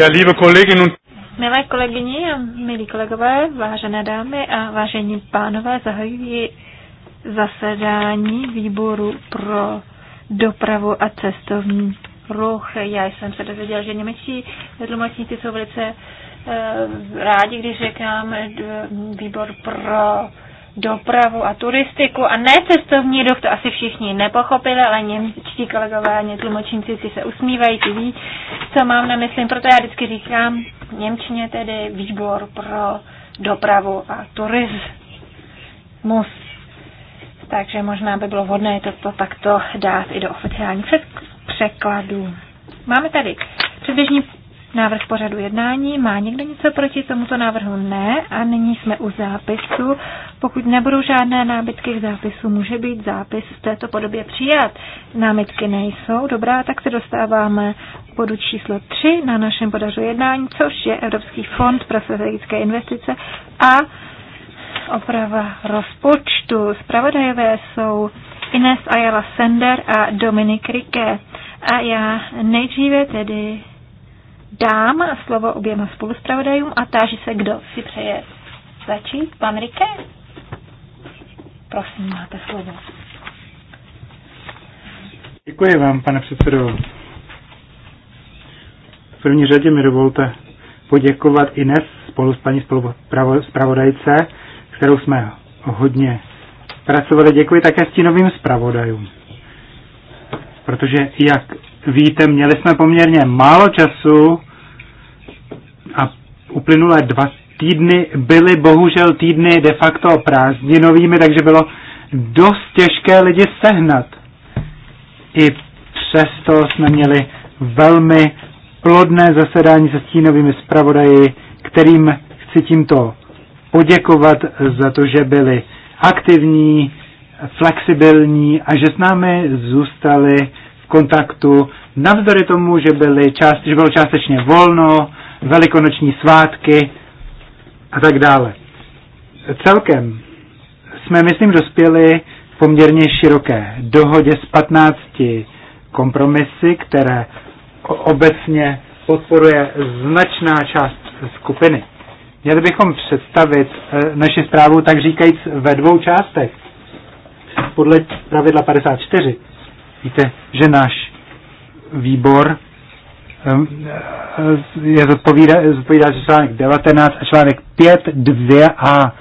Ja, liebe Kolleginnen und Milé kolegyně a milí kolegové, vážené dámy a vážení pánové, zahajují zasedání výboru pro dopravu a cestovní ruch. Já jsem se dozvěděl, že němečtí tlumočníci jsou velice eh, rádi, když říkám výbor pro dopravu a turistiku a ne cestovní ruch, to asi všichni nepochopili, ale němčtí kolegové a tlumočníci si se usmívají, ty ví, co mám na mysli, proto já vždycky říkám Němčině tedy výbor pro dopravu a turismus. Takže možná by bylo vhodné to, to takto dát i do oficiálních překladů. Máme tady předběžný návrh pořadu jednání. Má někdo něco proti tomuto návrhu? Ne. A nyní jsme u zápisu. Pokud nebudou žádné námitky k zápisu, může být zápis v této podobě přijat. Námitky nejsou. Dobrá, tak se dostáváme k bodu číslo 3 na našem podařu jednání, což je Evropský fond pro strategické investice a oprava rozpočtu. Spravodajové jsou Ines Ayala Sender a Dominik Rike. A já nejdříve tedy dám slovo oběma spoluspravodajům a táži se, kdo si přeje začít. Pan Rike? Prosím, máte slovo. Děkuji vám, pane předsedo. V první řadě mi dovolte poděkovat Ines spolu s paní zpravodajce, kterou jsme hodně pracovali. Děkuji také stínovým spravodajům, protože jak víte, měli jsme poměrně málo času a uplynulé dva týdny byly bohužel týdny de facto prázdninovými, takže bylo dost těžké lidi sehnat. I přesto jsme měli velmi plodné zasedání se stínovými zpravodaji, kterým chci tímto poděkovat za to, že byli aktivní, flexibilní a že s námi zůstali kontaktu, navzdory tomu, že, byly část, že bylo částečně volno, velikonoční svátky a tak dále. Celkem jsme, myslím, dospěli v poměrně široké dohodě z 15 kompromisy, které obecně podporuje značná část skupiny. Měli bychom představit eh, naši zprávu, tak říkajíc, ve dvou částech. Podle pravidla 54 Víte, že náš výbor eh, je zodpovídá, zodpovídá že článek 19 a článek 5, 2 a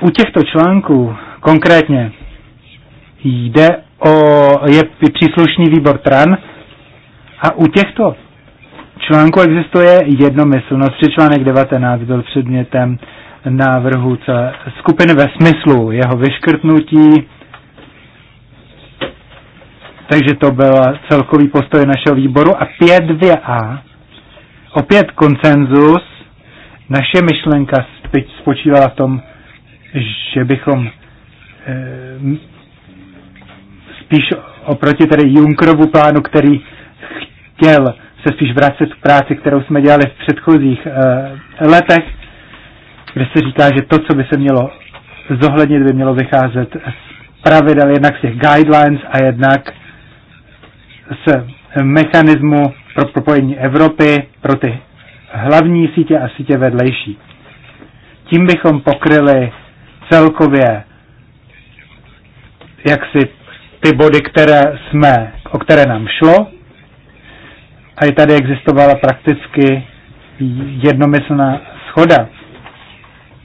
u těchto článků konkrétně jde o, je příslušný výbor TRAN a u těchto článku existuje jednomyslnost, že článek 19 byl předmětem návrhu celé skupiny ve smyslu jeho vyškrtnutí, takže to byl celkový postoj našeho výboru. A 5.2a, opět koncenzus, naše myšlenka spočívala v tom, že bychom e, spíš oproti tedy Junkrovu plánu, který chtěl se spíš vracet k práci, kterou jsme dělali v předchozích e, letech, kde se říká, že to, co by se mělo zohlednit, by mělo vycházet z pravidel jednak z těch guidelines a jednak z mechanismu pro propojení Evropy pro ty hlavní sítě a sítě vedlejší. Tím bychom pokryli celkově jaksi ty body, které jsme, o které nám šlo. A i tady existovala prakticky jednomyslná schoda.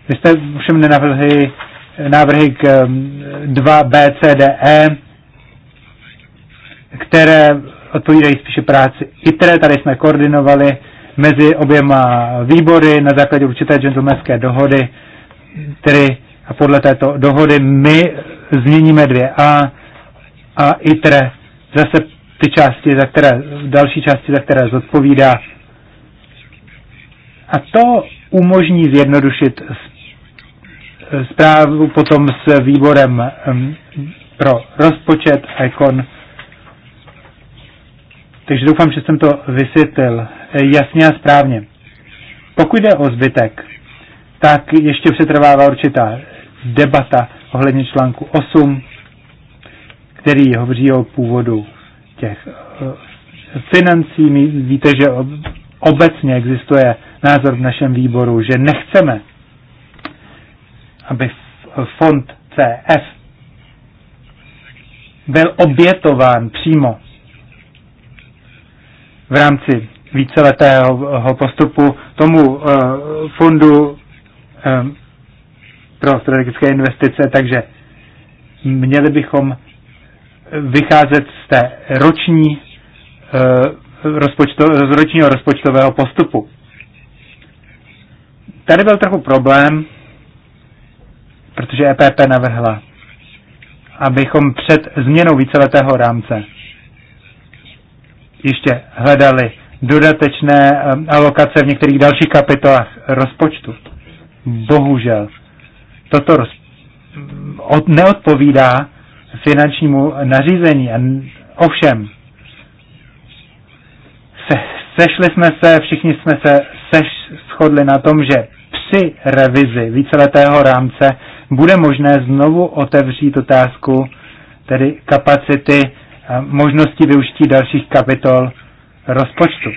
Vy jste všem nenavrhli návrhy k 2 mm, BCDE, které odpovídají spíše práci ITRE. Tady jsme koordinovali mezi oběma výbory na základě určité gentlemanské dohody, tedy a podle této dohody my změníme dvě a a ITRE zase ty části, za které, další části, za které zodpovídá. A to umožní zjednodušit zprávu potom s výborem pro rozpočet a ekon takže doufám, že jsem to vysvětlil eh, jasně a správně. Pokud jde o zbytek, tak ještě přetrvává určitá debata ohledně článku 8, který hovoří o původu těch eh, financí. víte, že obecně existuje názor v našem výboru, že nechceme, aby fond CF byl obětován přímo v rámci víceletého postupu tomu eh, fondu eh, pro strategické investice, takže měli bychom vycházet z té roční, eh, rozpočto, z ročního rozpočtového postupu. Tady byl trochu problém, protože EPP navrhla, abychom před změnou víceletého rámce ještě hledali dodatečné alokace v některých dalších kapitolách rozpočtu. Bohužel, toto roz, od, neodpovídá finančnímu nařízení. A ovšem, se, sešli jsme se, všichni jsme se seš, shodli na tom, že při revizi víceletého rámce bude možné znovu otevřít otázku tedy kapacity možnosti využití dalších kapitol rozpočtu.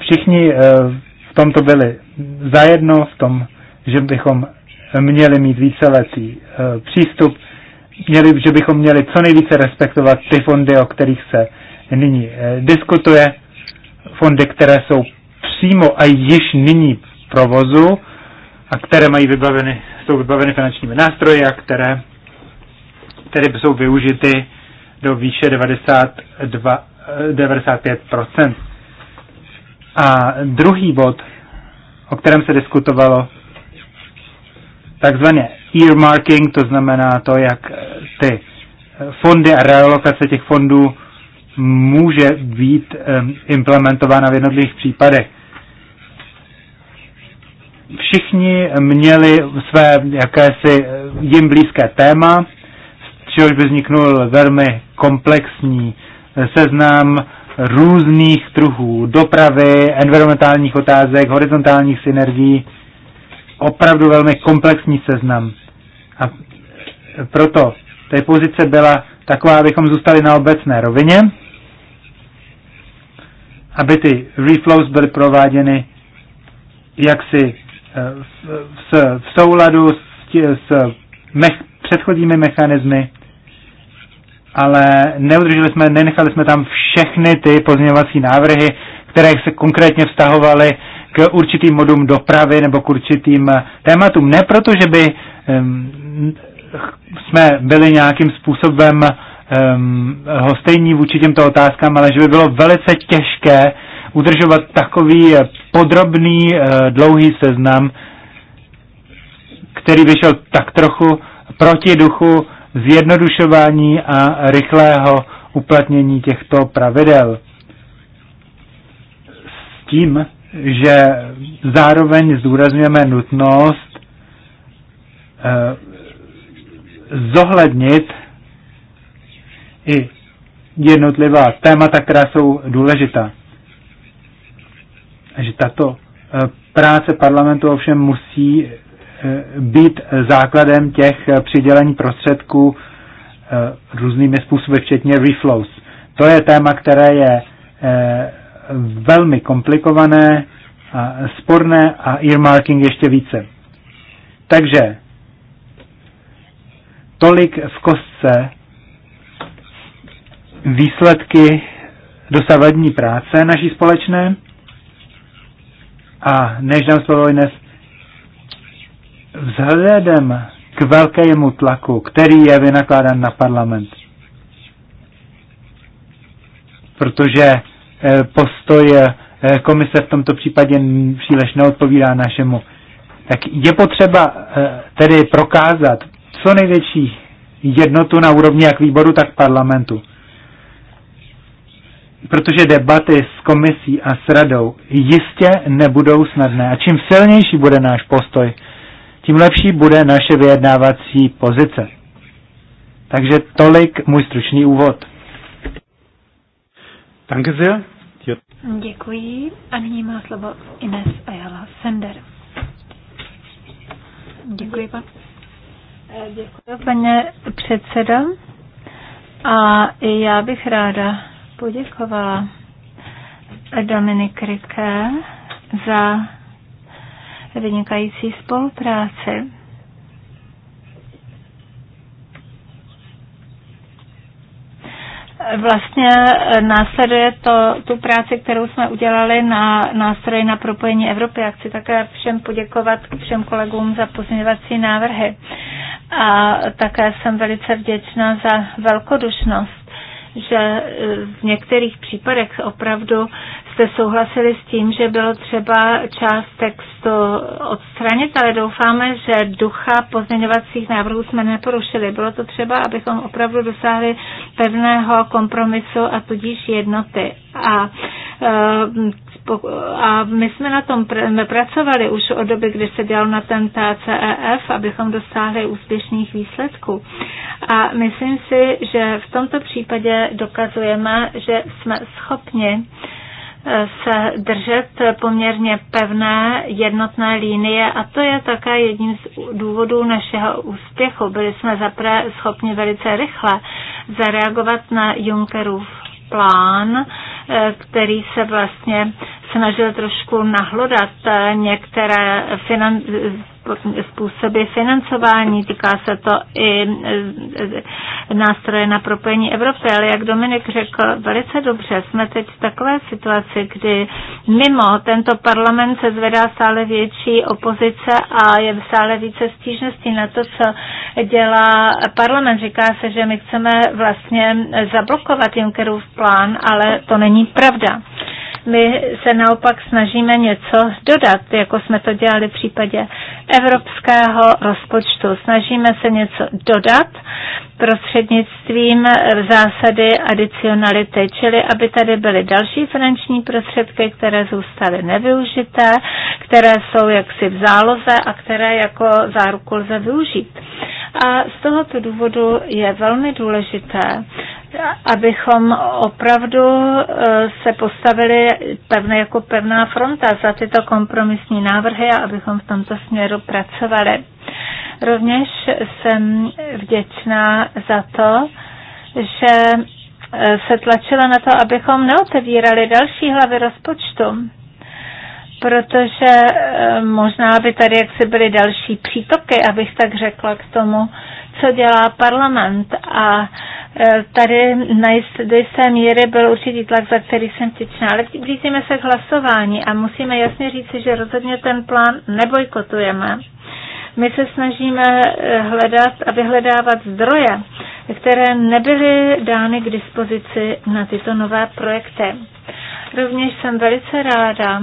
Všichni eh, v tomto byli zajedno, v tom, že bychom měli mít víceletý eh, přístup, měli, že bychom měli co nejvíce respektovat ty fondy, o kterých se nyní eh, diskutuje, fondy, které jsou přímo a již nyní v provozu a které mají vybaveny, jsou vybaveny finančními nástroji a které které jsou využity do výše 92, 95%. Eh, a druhý bod, o kterém se diskutovalo, takzvané earmarking, to znamená to, jak eh, ty eh, fondy a realokace těch fondů může být implementována v jednotlivých případech. Všichni měli své jakési jim blízké téma, čehož by vzniknul velmi komplexní seznam různých druhů dopravy, environmentálních otázek, horizontálních synergií, opravdu velmi komplexní seznam. A proto té pozice byla taková, abychom zůstali na obecné rovině, aby ty reflows byly prováděny jaksi eh, v, souladu s, s mech, předchozími mechanismy ale neudrželi jsme, nenechali jsme tam všechny ty pozměňovací návrhy, které se konkrétně vztahovaly k určitým modům dopravy nebo k určitým eh, tématům. Ne proto, že by um, jsme byli nějakým způsobem um, ehm, hostejní vůči těmto otázkám, ale že by bylo velice těžké udržovat takový eh, podrobný, uh, dlouhý seznam, který vyšel tak trochu proti duchu zjednodušování a rychlého uplatnění těchto pravidel. S tím, že zároveň zdůrazňujeme nutnost eh, zohlednit i jednotlivá témata, která jsou důležitá. Že tato eh, práce parlamentu ovšem musí Eh, být základem těch eh, přidělení prostředků eh, různými způsoby, včetně reflows. To je téma, které je velmi komplikované, a sporné a earmarking ještě více. Takže tolik v kostce výsledky dosavadní práce naší společné. A než nám slovo Ines, vzhledem k velkému tlaku, který je vynakládán na parlament. Protože eh, postoj eh, komise v tomto případě příliš neodpovídá našemu. Tak je potřeba eh, tedy prokázat co největší jednotu na úrovni jak výboru, tak parlamentu. Protože debaty s komisí a s radou jistě nebudou snadné. A čím silnější bude náš postoj, tím lepší bude naše vyjednávací pozice. Takže tolik můj stručný úvod. Danke sehr. Děkuji. A nyní má slovo Ines Ayala Sender. Děkuji, pan. Děkuji, paně předsedo. A já bych ráda poděkovala Dominik Riké za vynikající spolupráce. Vlastně následuje to, tu práci, kterou jsme udělali na nástroji na propojení Evropy. Já chci také všem poděkovat všem kolegům za pozměňovací návrhy. A také jsem velice vděčná za velkodušnost že v některých případech opravdu jste souhlasili s tím, že bylo třeba část textu odstranit, ale doufáme, že ducha pozměňovacích návrhů jsme neporušili. Bylo to třeba, abychom opravdu dosáhli pevného kompromisu a tudíž jednoty. A eh, a my jsme na tom pr- pracovali už od doby, kdy se dělal na ten TCEF, abychom dosáhli úspěšných výsledků. A myslím si, že v tomto případě dokazujeme, že jsme schopni uh, se držet poměrně pevné jednotné linie a to je také jedním z důvodů našeho úspěchu. Byli jsme zaprvé schopni velice rychle zareagovat na Junckerův plán, eh, který se vlastně snažil trošku nahlodat eh, některé finan- způsoby financování, týká se to i e, nástroje na propojení Evropy, ale jak Dominik řekl velice dobře, jsme teď v takové situaci, kdy mimo tento parlament se zvedá stále větší opozice a je stále více stížností na to, co dělá parlament. Říká se, že my chceme vlastně zablokovat Junckerův plán, ale to není pravda. My se naopak snažíme něco dodat, jako jsme to dělali v případě evropského rozpočtu. Snažíme se něco dodat prostřednictvím zásady adicionality, čili aby tady byly další finanční prostředky, které zůstaly nevyužité, které jsou jaksi v záloze a které jako záruku lze využít. A z tohoto důvodu je velmi důležité, abychom opravdu e, se postavili pevně jako pevná fronta za tyto kompromisní návrhy a abychom v tomto směru pracovali. Rovněž jsem vděčná za to, že e, se tlačila na to, abychom neotevírali další hlavy rozpočtu, protože e, možná by tady jaksi byly další přítoky, abych tak řekla k tomu, co dělá parlament a e, tady do jisté míry byl určitý tlak, za který jsem těčná. Ale blížíme se k hlasování a musíme jasně říci, že rozhodně ten plán nebojkotujeme. My se snažíme e, hledat a vyhledávat zdroje, které nebyly dány k dispozici na tyto nové projekty. Rovněž jsem velice ráda,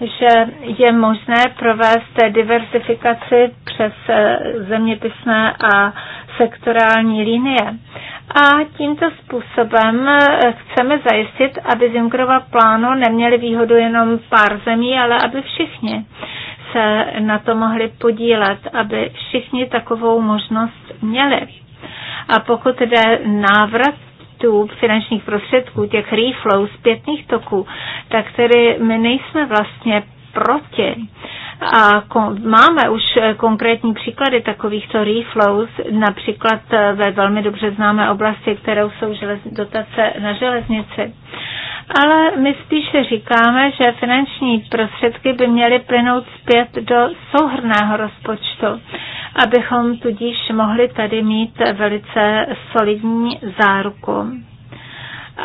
že je možné provést diversifikaci přes eh, zeměpisné a sektorální linie. A tímto způsobem eh, chceme zajistit, aby z Junckerova plánu neměli výhodu jenom pár zemí, ale aby všichni se na to mohli podílet, aby všichni takovou možnost měli. A pokud jde návrat toků finančních prostředků, těch reflow, zpětných toků, tak tedy my nejsme vlastně proti. A máme už eh, konkrétní příklady takovýchto reflows, například eh, ve velmi dobře známé oblasti, kterou jsou dotace na železnici. Ale my spíše říkáme, že finanční prostředky by měly plynout zpět do souhrného rozpočtu abychom tudíž mohli tady mít velice solidní záruku.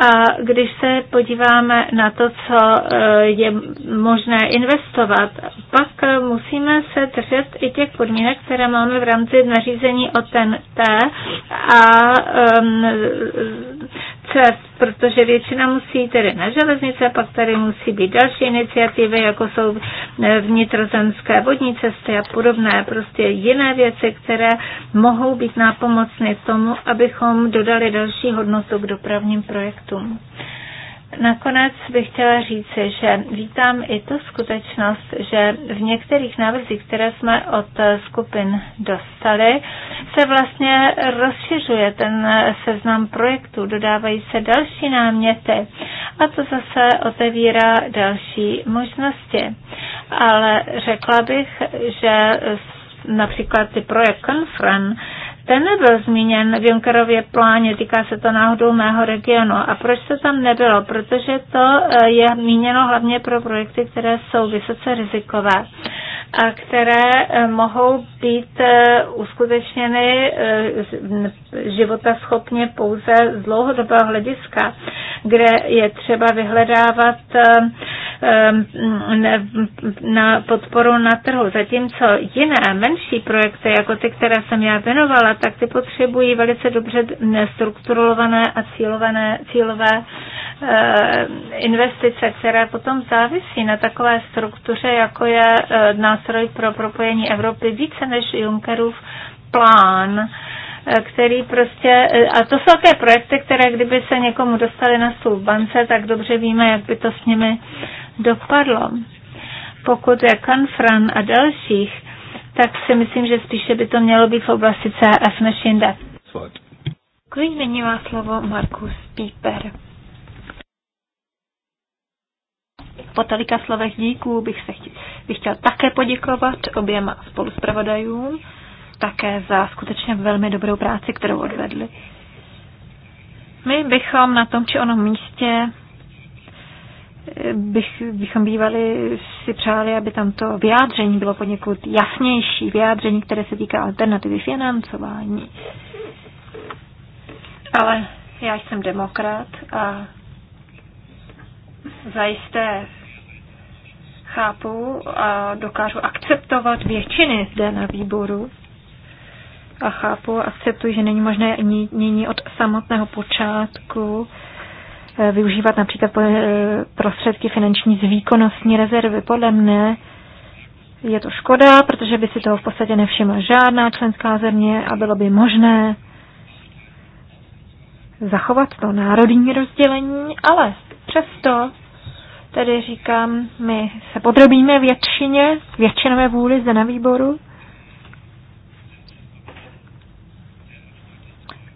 A když se podíváme na to, co eh, je možné investovat, pak eh, musíme se držet i těch podmínek, které máme v rámci nařízení o TNT a um, čas, protože většina musí tedy na železnice, pak tady musí být další iniciativy, jako jsou eh, vnitrozemské vodní cesty a podobné, prostě jiné věci, které mohou být nápomocné tomu, abychom dodali další hodnotu k dopravním projektům. Nakonec bych chtěla říci, že vítám i tu skutečnost, že v některých návrzích, které jsme od skupin dostali, se vlastně rozšiřuje ten seznam projektů, dodávají se další náměty a to zase otevírá další možnosti. Ale řekla bych, že například ty projekt Confran ten nebyl zmíněn v Junckerově pláně, týká se to náhodou mého regionu. A proč to tam nebylo? Protože to eh, je míněno hlavně pro projekty, které jsou vysoce rizikové a které eh, mohou být eh, uskutečněny životaschopně pouze z dlouhodobého hlediska, kde je třeba vyhledávat Ehm, na podporu na trhu. Zatímco jiné, menší projekty, jako ty, které jsem já věnovala, tak ty potřebují velice dobře strukturované a cílované, cílové ehm, investice, které potom závisí na takové struktuře, jako je eh, nástroj pro propojení Evropy více než Junckerův plán eh, který prostě, eh, a to jsou také projekty, které kdyby se někomu dostali na stůl v bance, tak dobře víme, jak by to s nimi dopadlo. Pokud je Kanfran a dalších, tak si myslím, že spíše by to mělo být v oblasti CRF než jinde. Když mění má slovo Markus Pieper. Po tolika slovech díků bych, se chtěl, bych chtěl také poděkovat oběma spoluspravodajům, také za skutečně velmi dobrou práci, kterou odvedli. My bychom na tom či onom místě bych, bychom bývali si přáli, aby tam to vyjádření bylo poněkud jasnější, vyjádření, které se týká alternativy financování. Ale já jsem demokrat a zajisté chápu a dokážu akceptovat většiny zde na výboru a chápu, akceptuji, že není možné nyní od samotného počátku Eh, využívat například eh, prostředky finanční z výkonnostní rezervy. Podle mne je to škoda, protože by si toho v podstatě nevšimla žádná členská země a bylo by možné zachovat to národní rozdělení, ale přesto tedy říkám, my se podrobíme většině, většinové vůli zde na výboru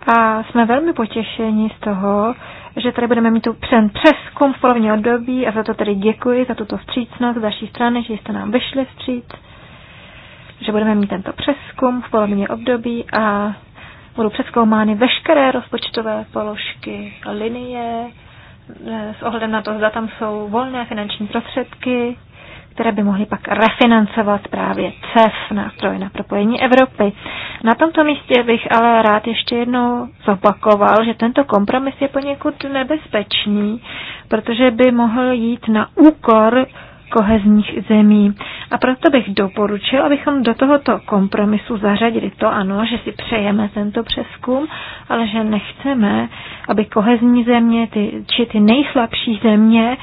a jsme velmi potěšeni z toho, že tady budeme mít tu přen přeskum v polovině období a za to tedy děkuji, za tuto vstřícnost z vaší strany, že jste nám vyšli vstříc, že budeme mít tento přeskum v polovině období a budou přeskoumány veškeré rozpočtové položky, linie, eh, s ohledem na to, zda tam jsou volné finanční prostředky, které by mohly pak refinancovat právě CEF, nástroj na propojení Evropy. Na tomto místě bych ale rád ještě jednou zopakoval, že tento kompromis je poněkud nebezpečný, protože by mohl jít na úkor kohezních zemí. A proto bych doporučil, abychom do tohoto kompromisu zařadili to, ano, že si přejeme tento přeskum, ale že nechceme, aby kohezní země ty, či ty nejslabší země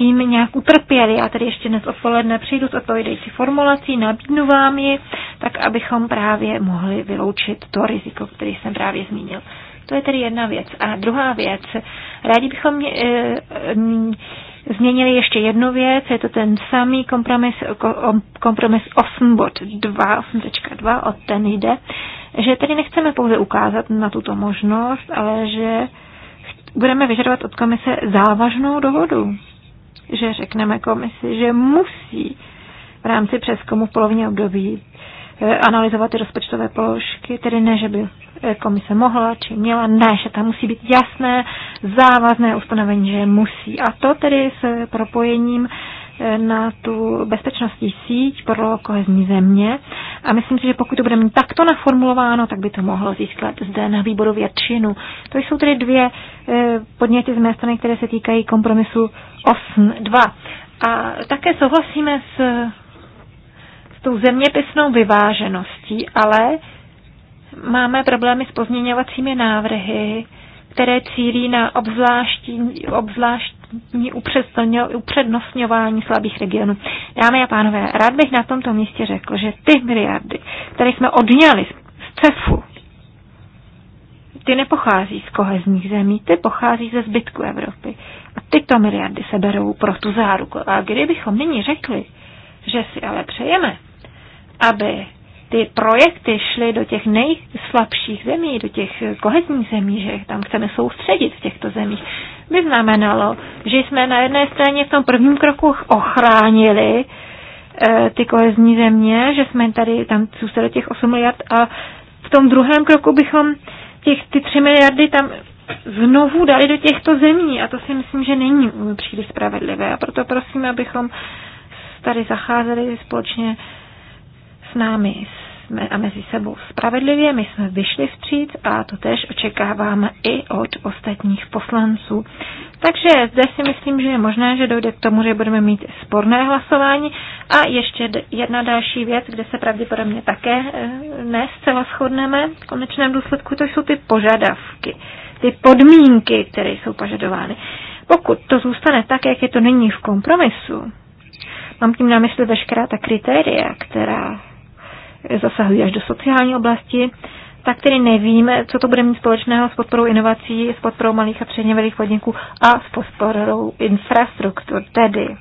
tím nějak utrpěli. Já tady ještě dnes odpoledne přijdu s odpovědející formulací, nabídnu vám ji, tak abychom právě mohli vyloučit to riziko, který jsem právě zmínil. To je tedy jedna věc. A druhá věc, rádi bychom mě, e, e, změnili ještě jednu věc, je to ten samý kompromis, kompromis 8.2, od ten jde, že tedy nechceme pouze ukázat na tuto možnost, ale že budeme vyžadovat od komise závažnou dohodu že řekneme komisi, že musí v rámci přeskumu v polovině období eh, analyzovat ty rozpočtové položky, tedy ne, že by eh, komise mohla či měla, ne, že tam musí být jasné, závazné ustanovení, že musí. A to tedy s propojením na tu bezpečnostní síť pro kohezní země. A myslím si, že pokud to bude mít takto naformulováno, tak by to mohlo získat zde na výboru většinu. To jsou tedy dvě eh, podněty z mé strany, které se týkají kompromisu 8.2. A také souhlasíme s, s tou zeměpisnou vyvážeností, ale máme problémy s pozměňovacími návrhy, které cílí na obzvláštní, upřednostňování slabých regionů. Dámy a pánové, rád bych na tomto místě řekl, že ty miliardy, které jsme odňali z CEFu, ty nepochází z kohezních zemí, ty pochází ze zbytku Evropy. A tyto miliardy se berou pro tu záruku. A kdybychom nyní řekli, že si ale přejeme, aby ty projekty šly do těch nejslabších zemí, do těch kohezních zemí, že tam chceme soustředit v těchto zemích, by znamenalo, že jsme na jedné straně v tom prvním kroku ochránili e, ty kohezní země, že jsme tady tam zůstali těch 8 miliard a v tom druhém kroku bychom těch, ty 3 miliardy tam znovu dali do těchto zemí a to si myslím, že není příliš spravedlivé a proto prosím, abychom tady zacházeli společně s námi jsme a mezi sebou spravedlivě. My jsme vyšli vstříc a to tež očekáváme i od ostatních poslanců. Takže zde si myslím, že je možné, že dojde k tomu, že budeme mít sporné hlasování. A ještě jedna další věc, kde se pravděpodobně také eh, ne zcela shodneme v konečném důsledku, to jsou ty požadavky, ty podmínky, které jsou požadovány. Pokud to zůstane tak, jak je to nyní v kompromisu, mám tím na mysli veškerá ta kritéria, která zasahují až do sociální oblasti, tak tedy nevím, co to bude mít společného s podporou inovací, s podporou malých a středně velkých podniků a s podporou infrastruktur. Tedy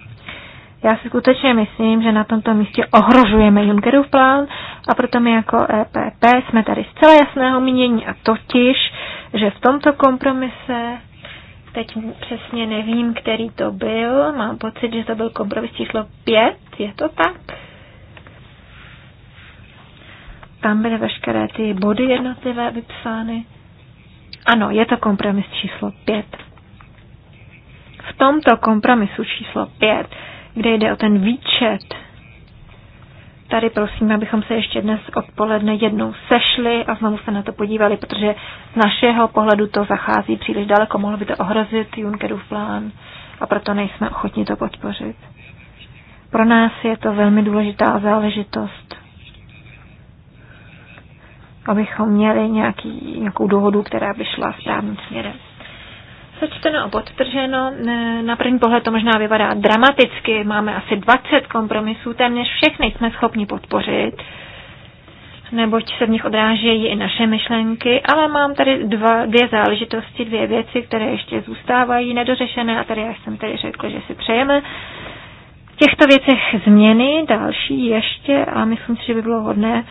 já si skutečně myslím, že na tomto místě ohrožujeme Junckerův plán a proto my jako EPP jsme tady zcela jasného mínění a totiž, že v tomto kompromise Teď přesně nevím, který to byl. Mám pocit, že to byl kompromis číslo 5. Je to tak? Tam byly veškeré ty body jednotlivé vypsány. Ano, je to kompromis číslo 5. V tomto kompromisu číslo 5, kde jde o ten výčet, tady prosím, abychom se ještě dnes odpoledne jednou sešli a znovu se na to podívali, protože z našeho pohledu to zachází příliš daleko, mohlo by to ohrozit Junckerův plán a proto nejsme ochotni to podpořit. Pro nás je to velmi důležitá záležitost abychom měli nějaký, nějakou dohodu, která by šla správným směrem. Sečteno a podtrženo, na první pohled to možná vypadá dramaticky, máme asi 20 kompromisů, téměř všechny jsme schopni podpořit, neboť se v nich odrážejí i naše myšlenky, ale mám tady dva, dvě záležitosti, dvě věci, které ještě zůstávají nedořešené a tady já jsem tady řekl, že si přejeme těchto věcech změny, další ještě a myslím si, že by bylo hodné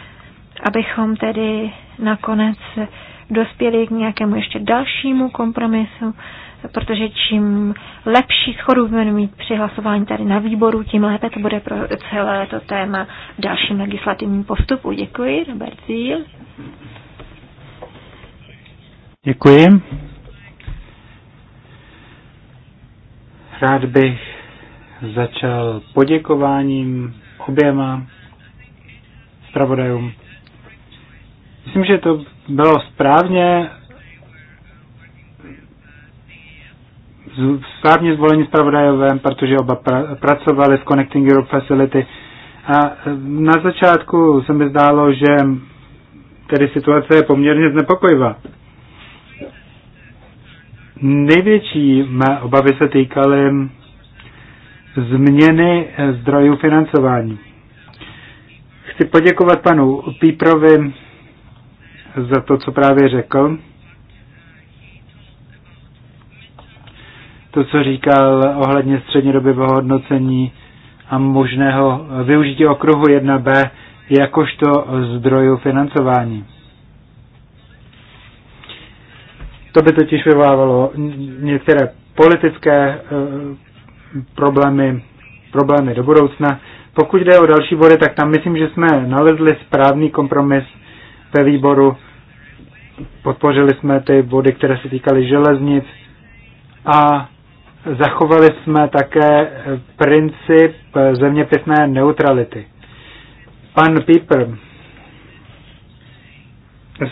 abychom tedy nakonec dospěli k nějakému ještě dalšímu kompromisu, protože čím lepší schodu budeme mít při hlasování tady na výboru, tím lépe to bude pro celé to téma v dalším legislativním postupu. Děkuji, Robert Zíl. Děkuji. Rád bych začal poděkováním oběma zpravodajům Myslím, že to bylo správně správně zvolení zpravodajové, protože oba pra, pracovali v Connecting Europe Facility. A e, na začátku se mi zdálo, že tedy situace je poměrně znepokojivá. Největší mé obavy se týkaly změny e, zdrojů financování. Chci poděkovat panu Píprovi za to, co právě řekl. To, co říkal ohledně střednědobého hodnocení a možného využití okruhu 1b jakožto zdrojů financování. To by totiž vyvávalo některé politické eh, problémy, problémy do budoucna. Pokud jde o další body, tak tam myslím, že jsme nalezli správný kompromis ve výboru. Podpořili jsme ty body, které se týkaly železnic a zachovali jsme také princip zeměpisné neutrality. Pan Pieper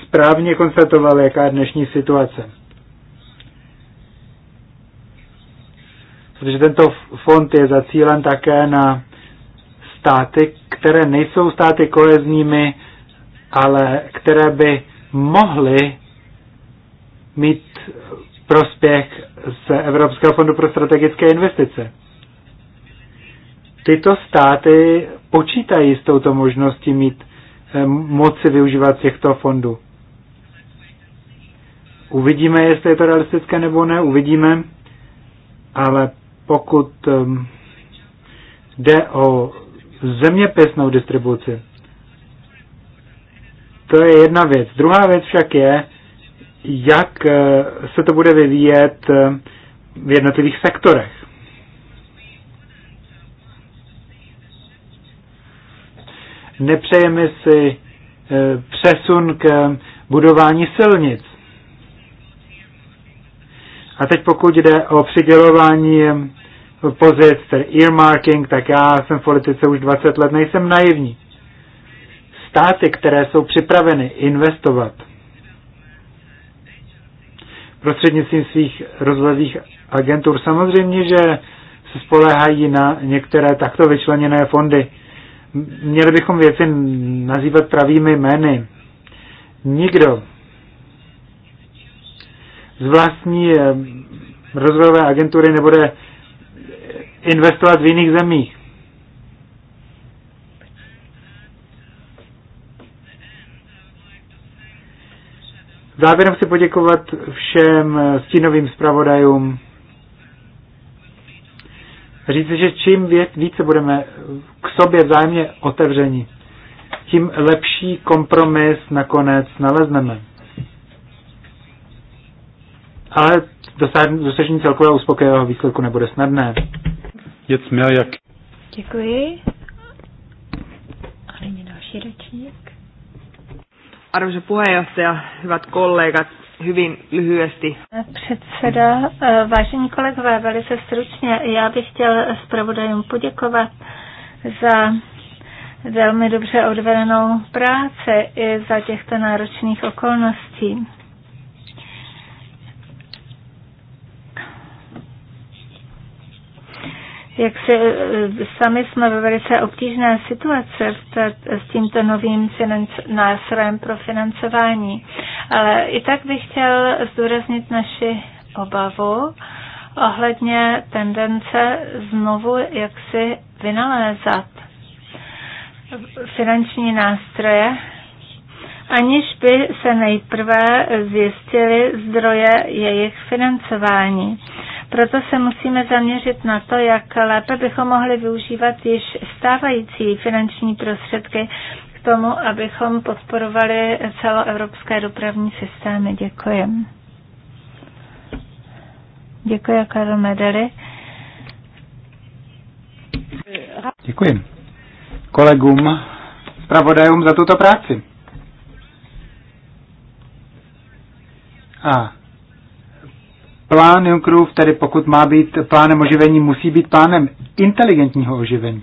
správně konstatoval, jaká je dnešní situace. Protože tento fond je zacílen také na státy, které nejsou státy kohezními ale které by mohly mít prospěch z Evropského fondu pro strategické investice. Tyto státy počítají s touto možností mít eh, moci využívat těchto fondů. Uvidíme, jestli je to realistické nebo ne, uvidíme, ale pokud ehm, jde o zeměpisnou distribuci, to je jedna věc. Druhá věc však je, jak eh, se to bude vyvíjet eh, v jednotlivých sektorech. Nepřejeme si eh, přesun k budování silnic. A teď pokud jde o přidělování pozic, tedy earmarking, tak já jsem v politice už 20 let, nejsem naivní státy, které jsou připraveny investovat prostřednictvím svých rozvojových agentur. Samozřejmě, že se spolehají na některé takto vyčleněné fondy. Měli bychom věci nazývat pravými jmény. Nikdo z vlastní eh, rozvojové agentury nebude investovat v jiných zemích. Závěrem chci poděkovat všem stínovým zpravodajům. Říci, že čím více budeme k sobě vzájemně otevření, tím lepší kompromis nakonec nalezneme. Ale dosažení celkového uspokojivého výsledku nebude snadné. Děkuji. A nyní další řečník. Arvoisa puheenjohtaja, hyvät kollegat, hyvin lyhyesti. Předseda, eh, vážení kolegové, velice stručně, já bych chtěl zpravodajům poděkovat za velmi dobře odvedenou práci i za těchto náročných okolností. jak se eh, eh, sami jsme ve velice obtížné situace s tímto novým financ, nástrojem pro financování. Ale i tak bych chtěl zdůraznit naši obavu ohledně tendence znovu jaksi vynalézat finanční nástroje, aniž by se nejprve zjistily zdroje jejich financování. Proto se musíme zaměřit na to, jak lépe bychom mohli využívat již stávající finanční prostředky k tomu, abychom podporovali celoevropské dopravní systémy. Děkuji. Děkuji, Karlo Medeli. Děkuji kolegům, zpravodajům za tuto práci. A plán Junckerův, tedy pokud má být plánem oživení, musí být plánem inteligentního oživení.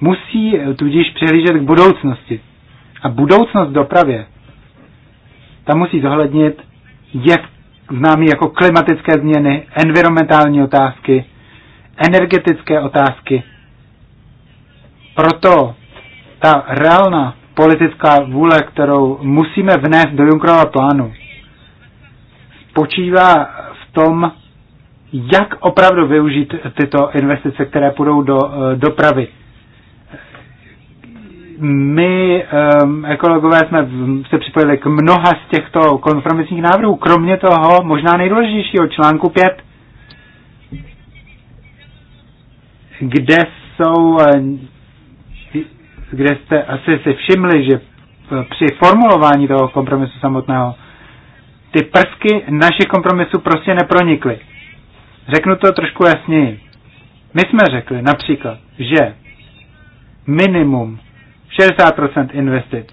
Musí tudíž přihlížet k budoucnosti. A budoucnost v dopravě, ta musí zohlednit, jak známý jako klimatické změny, environmentální otázky, energetické otázky. Proto ta reálná politická vůle, kterou musíme vnést do Junckerova plánu, spočívá v tom, jak opravdu využít tyto investice, které půjdou do eh, dopravy. My, eh, ekologové, jsme se připojili k mnoha z těchto konformistních návrhů, kromě toho možná nejdůležitějšího článku 5, kde jsou, eh, kde jste asi si všimli, že při formulování toho kompromisu samotného ty prvky našich kompromisů prostě nepronikly. Řeknu to trošku jasněji. My jsme řekli například, že minimum 60% investic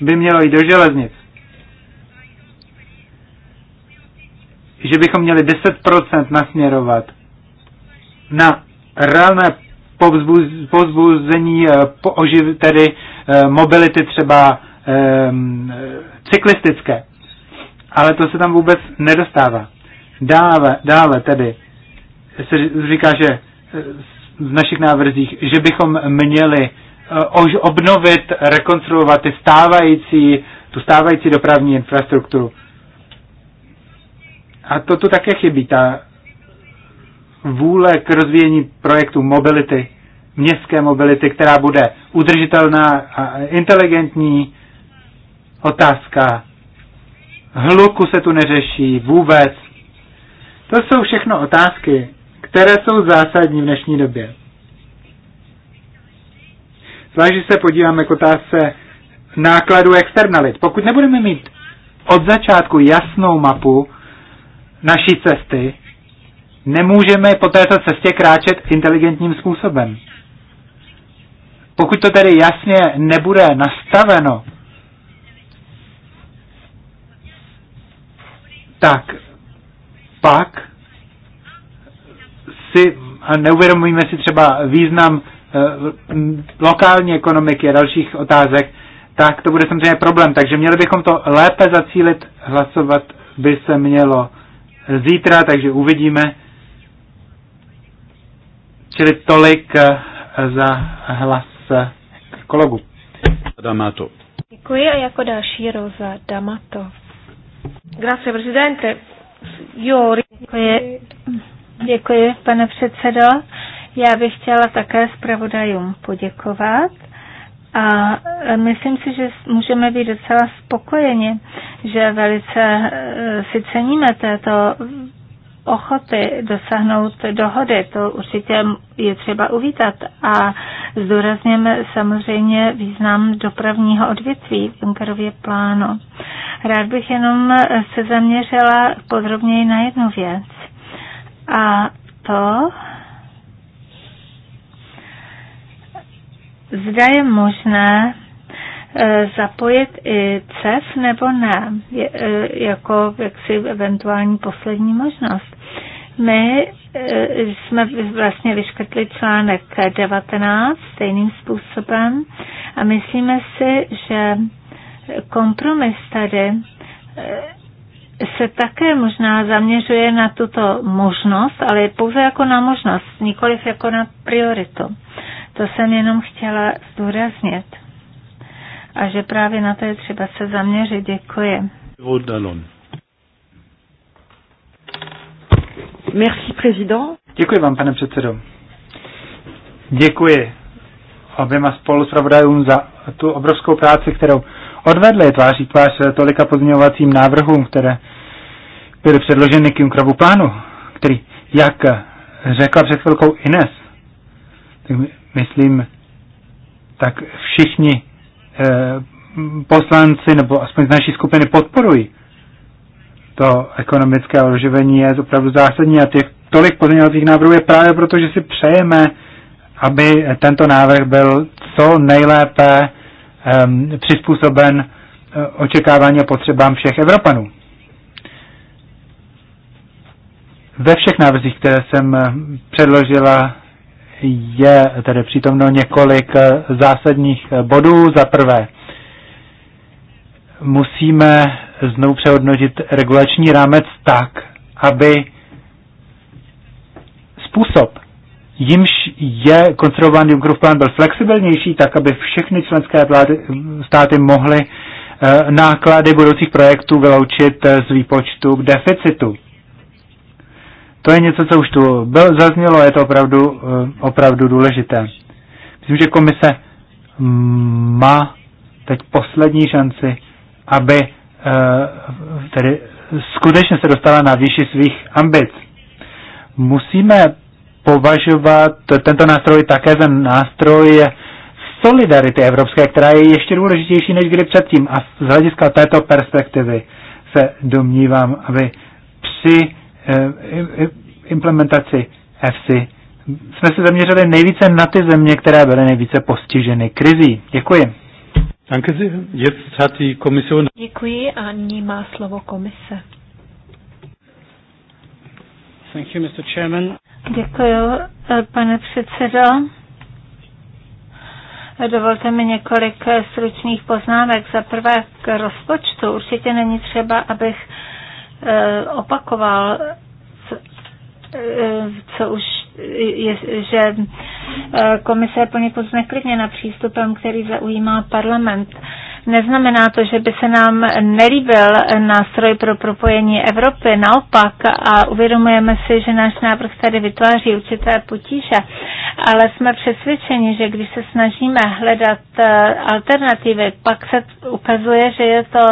by mělo jít do železnic. Že bychom měli 10% nasměrovat na reálné povzbuzení eh, tedy eh, mobility třeba eh, cyklistické ale to se tam vůbec nedostává. Dále, dále tedy se říká, že eh, v našich návrzích, že bychom měli eh, obnovit, rekonstruovat ty stávající, tu stávající dopravní infrastrukturu. A to tu také chybí, ta vůle k rozvíjení projektu mobility, městské mobility, která bude udržitelná a inteligentní. Otázka hluku se tu neřeší vůbec. To jsou všechno otázky, které jsou zásadní v dnešní době. Zvlášť, se podíváme k otázce nákladu externalit. Pokud nebudeme mít od začátku jasnou mapu naší cesty, nemůžeme po této cestě kráčet inteligentním způsobem. Pokud to tedy jasně nebude nastaveno, tak pak si a neuvědomujeme si třeba význam eh, lokální ekonomiky a dalších otázek, tak to bude samozřejmě problém. Takže měli bychom to lépe zacílit, hlasovat by se mělo zítra, takže uvidíme. Čili tolik eh, za hlas eh, kolegu. Damato. Děkuji a jako další Roza Damato. Grazie, presidente. Io... Děkuji, děkuji, pane předsedo. Já bych chtěla také zpravodajům poděkovat. A myslím si, že můžeme být docela spokojeni, že velice eh, si ceníme této ochoty dosáhnout dohody. To určitě je třeba uvítat. A zdůrazněme samozřejmě význam dopravního odvětví v Junckerově plánu. Rád bych jenom se zaměřila podrobněji na jednu věc. A to, zda je možné Eh, zapojit i CEF nebo ne, eh, jako jaksi eventuální poslední možnost. My eh, jsme vlastně vyškrtli článek 19 stejným způsobem a myslíme si, že kompromis tady se také možná zaměřuje na tuto možnost, ale pouze jako na možnost, nikoliv jako na prioritu. To jsem jenom chtěla zdůraznit a že právě na to je třeba se zaměřit. Děkuji. Merci, président. Děkuji vám, pane předsedo. Děkuji oběma spoluspravodajům za tu obrovskou práci, kterou odvedli tváří tvář tolika pozměňovacím návrhům, které byly předloženy k Junkrovu plánu, který, jak řekla před chvilkou Ines, tak myslím, tak všichni Eh, poslanci, nebo aspoň z naší skupiny podporují. To ekonomické oživení je opravdu zásadní a těch tolik pozměňovacích návrhů je právě proto, že si přejeme, aby tento návrh byl co nejlépe um, přizpůsoben eh, očekávání a potřebám všech Evropanů. Ve všech návrzích, které jsem eh, předložila, je tedy přítomno několik eh, zásadních eh, bodů. Za prvé, musíme znovu přehodnotit regulační rámec tak, aby způsob, jimž je konstruován Junckerův plán, byl flexibilnější, tak aby všechny členské státy mohly eh, náklady budoucích projektů vyloučit z výpočtu k deficitu. To je něco, co už tu byl, zaznělo, je to opravdu, eh, opravdu důležité. Myslím, že komise mm, má teď poslední šanci, aby eh, tedy skutečně se dostala na výši svých ambic. Musíme považovat tento nástroj také za nástroj solidarity evropské, která je ještě důležitější než kdy předtím. A z hlediska této perspektivy se domnívám, aby při Eh, implementaci EFSI jsme se zaměřili nejvíce na ty země, které byly nejvíce postiženy krizí. Děkuji. Děkuji a nyní má slovo komise. Thank you, Mr. Chairman. Děkuji, eh, pane předsedo. Dovolte mi několik eh, stručných poznámek. Za prvé k rozpočtu. Určitě není třeba, abych opakoval Eh, co už eh, je, že eh, komise je poněkud zneklidněna přístupem, který zaujímá parlament. Neznamená to, že by se nám nelíbil nástroj pro propojení Evropy, naopak a uvědomujeme si, že náš návrh tady vytváří určité potíže, ale jsme přesvědčeni, že když se snažíme hledat alternativy, pak se ukazuje, že je to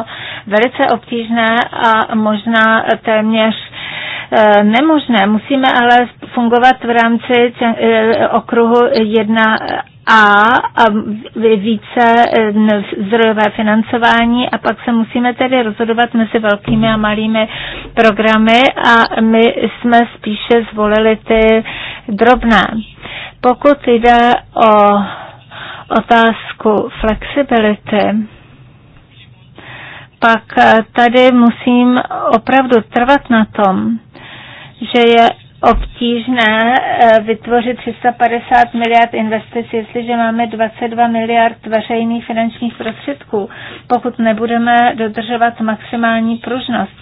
velice obtížné a možná téměř Eh, nemožné. Musíme ale fungovat v rámci eh, okruhu 1 a, a více eh, zdrojové financování a pak se musíme tedy rozhodovat mezi velkými a malými programy a my jsme spíše zvolili ty drobné. Pokud jde o otázku flexibility, pak eh, tady musím opravdu trvat na tom, že je obtížné eh, vytvořit 350 miliard investic, jestliže máme 22 miliard veřejných finančních prostředků, pokud nebudeme dodržovat maximální pružnost.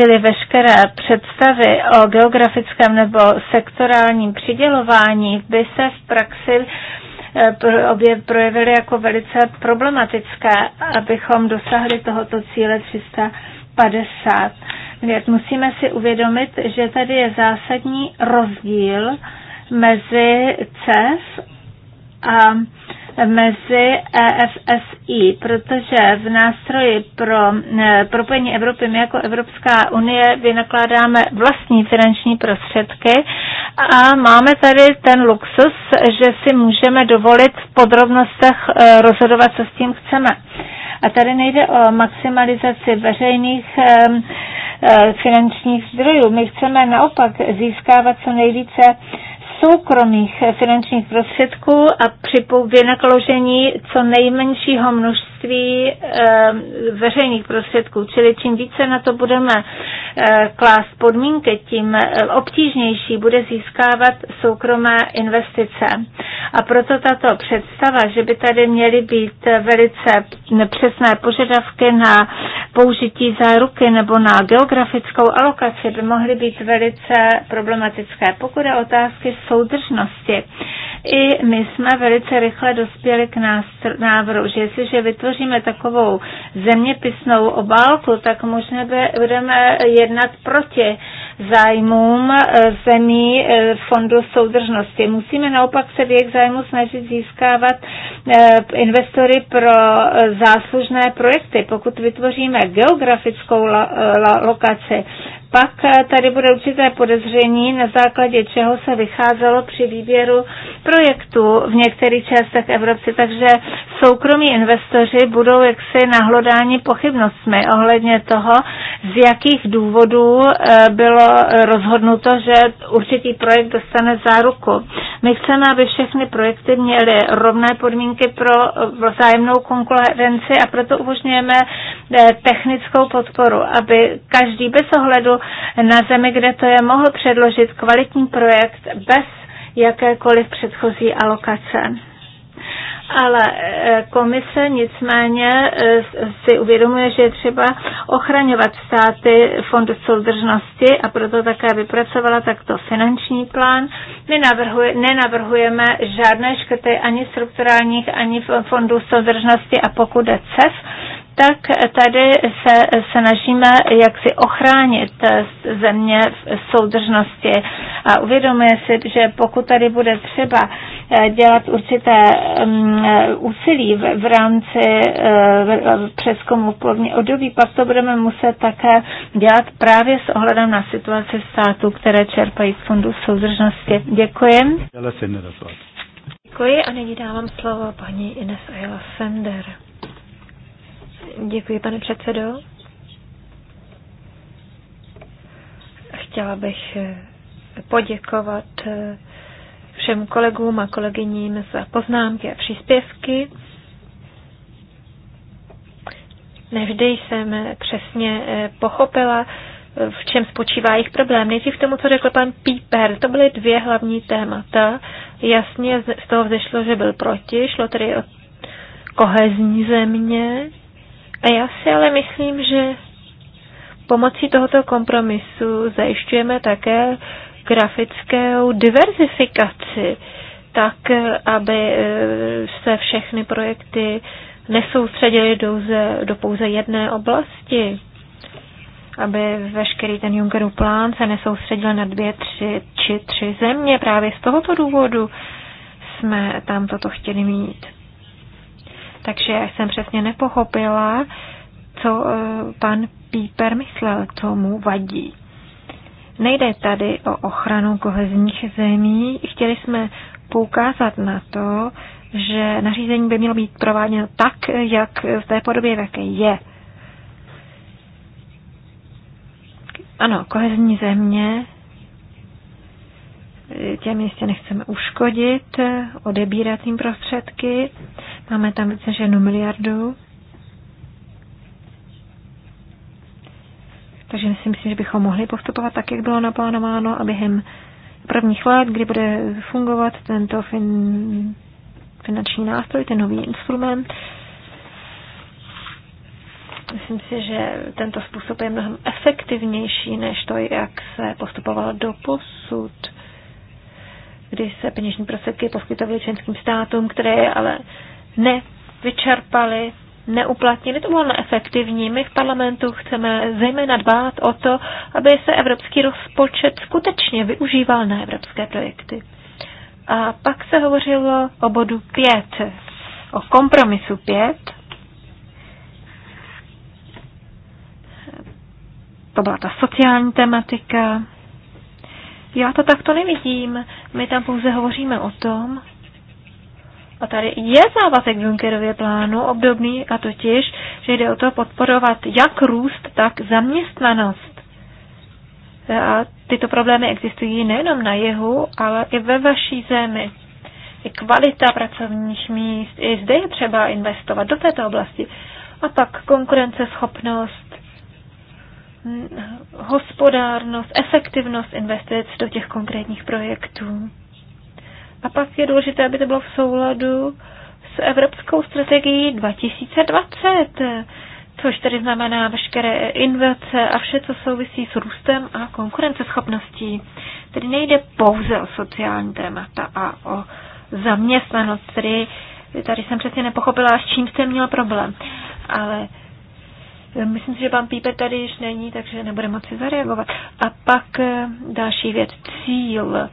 Čili veškeré představy o geografickém nebo sektorálním přidělování by se v praxi Eh, obě projevily jako velice problematické, abychom dosáhli tohoto cíle 350. Musíme si uvědomit, že tady je zásadní rozdíl mezi CES a mezi EFSI, protože v nástroji pro eh, propojení Evropy my jako Evropská unie vynakládáme vlastní finanční prostředky a máme tady ten luxus, že si můžeme dovolit v podrobnostech eh, rozhodovat, co s tím chceme. A tady nejde o maximalizaci veřejných eh, finančních zdrojů. My chceme naopak získávat co nejvíce soukromých finančních prostředků a při vynakložení co nejmenšího množství množství eh, veřejných prostředků. Čili čím více na to budeme eh, klást podmínky, tím eh, obtížnější bude získávat soukromé investice. A proto tato představa, že by tady měly být velice přesné požadavky na použití záruky nebo na geografickou alokaci, by mohly být velice problematické. Pokud je otázky soudržnosti, i my jsme velice rychle dospěli k návrhu, že jestliže vytvoříme takovou zeměpisnou obálku, tak možná budeme jednat proti zájmům e, zemí e, Fondu soudržnosti. Musíme naopak se v jejich zájmu snažit získávat e, investory pro záslužné projekty. Pokud vytvoříme geografickou lokaci, pak eh, tady bude určité podezření, na základě čeho se vycházelo při výběru projektu v některých částech Evropy, takže soukromí investoři budou jaksi nahlodáni pochybnostmi ohledně toho, z jakých důvodů eh, bylo rozhodnuto, že určitý projekt dostane záruku. My chceme, aby všechny projekty měly rovné podmínky pro vzájemnou konkurenci a proto umožňujeme Eh, technickou podporu, aby každý bez ohledu na zemi, kde to je, mohl předložit kvalitní projekt bez jakékoliv předchozí alokace. Ale eh, komise nicméně eh, si uvědomuje, že je třeba ochraňovat státy Fondu soudržnosti a proto také vypracovala takto finanční plán. My navrhuje, nenavrhujeme žádné škrty ani strukturálních, ani fondů soudržnosti a pokud je CEF, tak tady se snažíme si ochránit eh, země v soudržnosti a uvědomuje si, že pokud tady bude třeba eh, dělat určité mm, eh, úsilí v rámci přeskumu plovní období, pak to budeme muset také dělat právě s ohledem na situaci států, které čerpají z fondu soudržnosti. Děkuji. Děkuji a nyní dávám slovo paní Ines Ayla Sender. Děkuji, pane předsedo. Chtěla bych eh, poděkovat eh, všem kolegům a kolegyním za poznámky a příspěvky. Nevždy jsem eh, přesně pochopila, v čem spočívá jejich problém. Nejdřív k tomu, co řekl pan Píper, to byly dvě hlavní témata. Jasně z toho vzešlo, že byl proti, šlo tedy o kohezní země a já si ale myslím, že pomocí tohoto kompromisu zajišťujeme také grafickou diverzifikaci, tak aby eh, se všechny projekty nesoustředily do, do pouze jedné oblasti, aby veškerý ten Junckerův plán se nesoustředil na dvě, tři či tři země. Právě z tohoto důvodu jsme tam toto chtěli mít takže já jsem přesně nepochopila, co eh, pan Píper myslel, co mu vadí. Nejde tady o ochranu kohezních zemí, chtěli jsme poukázat na to, že nařízení by mělo být prováděno tak, jak v té podobě, v jaké je. Ano, kohezní země, eh, těm jistě nechceme uškodit, eh, odebírat jim prostředky, Máme tam více než jednu miliardu. Takže si myslím, že bychom mohli postupovat tak, jak bylo naplánováno a během prvních let, kdy bude fungovat tento fin, finanční nástroj, ten nový instrument. Myslím si, že tento způsob je mnohem efektivnější než to, jak se postupovalo do posud, kdy se peněžní prostředky poskytovaly členským státům, které ale nevyčerpali, neuplatnili. To bylo neefektivní. My v parlamentu chceme zejména dbát o to, aby se evropský rozpočet skutečně využíval na evropské projekty. A pak se hovořilo o bodu 5, o kompromisu 5. To byla ta sociální tematika. Já to takto nevidím. My tam pouze hovoříme o tom, a tady je závazek Junckerově plánu obdobný a totiž, že jde o to podporovat jak růst, tak zaměstnanost. E, a tyto problémy existují nejenom na jihu, ale i ve vaší zemi. I kvalita pracovních míst, i zde je třeba investovat do této oblasti. A pak konkurenceschopnost, mm, hospodárnost, efektivnost investic do těch konkrétních projektů. A pak je důležité, aby to bylo v souladu s Evropskou strategií 2020, což tedy znamená veškeré invace a vše, co souvisí s růstem a konkurenceschopností. Tedy nejde pouze o sociální témata a o zaměstnanost, tedy tady jsem přesně nepochopila, s čím jste měl problém. Ale myslím si, že pan Píper tady již není, takže nebude moci zareagovat. A pak eh, další věc, cíl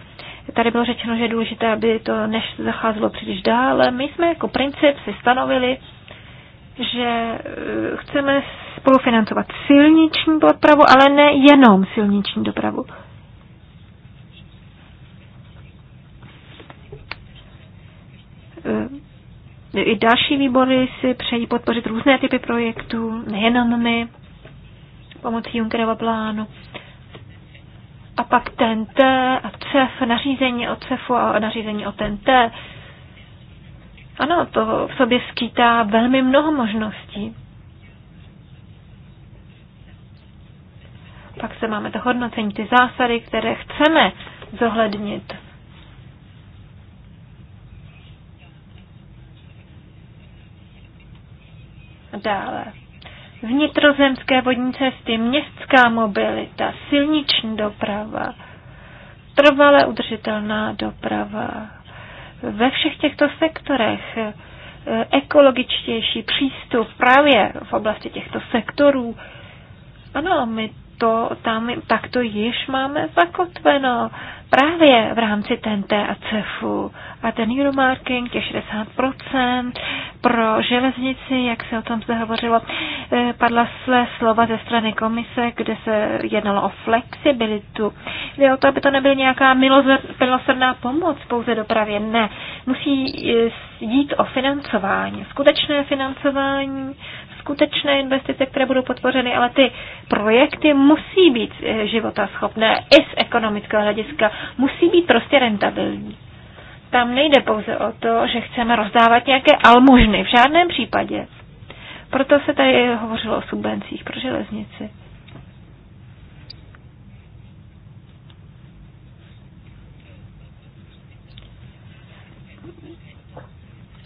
tady bylo řečeno, že je důležité, aby to než zacházelo příliš dále. My jsme jako princip si stanovili, že eh, chceme spolufinancovat silniční dopravu, ale ne jenom silniční dopravu. Eh, I další výbory si přejí podpořit různé typy projektů, nejenom my, pomocí Junckerova plánu a pak TNT a CEF, nařízení o CEFu a nařízení o TNT. Ano, to v sobě skýtá velmi mnoho možností. Pak se máme to hodnocení, ty zásady, které chceme zohlednit. Dále vnitrozemské vodní cesty, městská mobilita, silniční doprava, trvale udržitelná doprava. Ve všech těchto sektorech eh, ekologičtější přístup právě v oblasti těchto sektorů. Ano, my to tam takto již máme zakotveno právě v rámci TNT a CEFu. A ten Euromarking je 60% pro železnici, jak se o tom zde hovořilo, eh, padla své slova ze strany komise, kde se jednalo o flexibilitu. Jde o to, aby to nebyla nějaká milosrdná pomoc pouze dopravě. Ne, musí eh, jít o financování, skutečné financování skutečné investice, které budou potvořeny, ale ty projekty musí být eh, životaschopné i z ekonomického hlediska, musí být prostě rentabilní. Tam nejde pouze o to, že chceme rozdávat nějaké almužny, v žádném případě. Proto se tady hovořilo o subvencích pro železnici.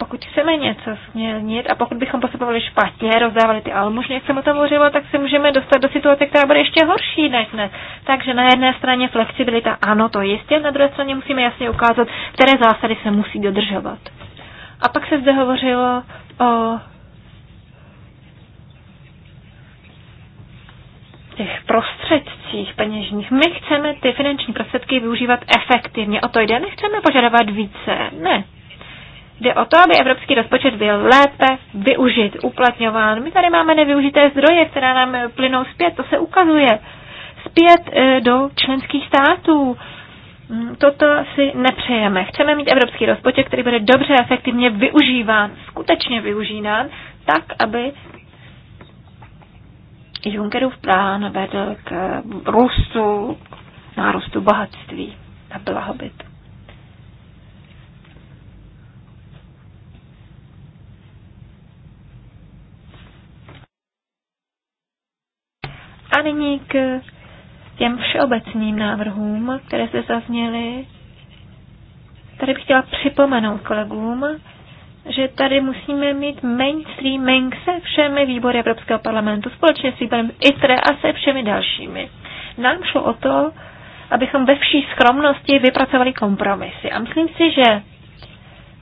pokud chceme něco směrnit a pokud bychom postupovali špatně, rozdávali ty almužny, jak jsem o tom hovořila, tak se můžeme dostat do situace, která bude ještě horší než dnes. Takže na jedné straně flexibilita, ano, to jistě, na druhé straně musíme jasně ukázat, které zásady se musí dodržovat. A pak se zde hovořilo o těch prostředcích peněžních. My chceme ty finanční prostředky využívat efektivně. O to jde, nechceme požadovat více. Ne, Jde o to, aby evropský rozpočet byl lépe využit, uplatňován. My tady máme nevyužité zdroje, které nám plynou zpět, to se ukazuje. Zpět eh, do členských států. Mm, toto si nepřejeme. Chceme mít evropský rozpočet, který bude dobře a efektivně využíván, skutečně využíván, tak, aby Junckerův plán vedl k růstu, nárůstu bohatství a blahobytu. A nyní k těm všeobecným návrhům, které se zazněly. Tady bych chtěla připomenout kolegům, že tady musíme mít mainstreaming se všemi výbory Evropského parlamentu, společně s výborem ITRE a se všemi dalšími. Nám šlo o to, abychom ve vší skromnosti vypracovali kompromisy. A myslím si, že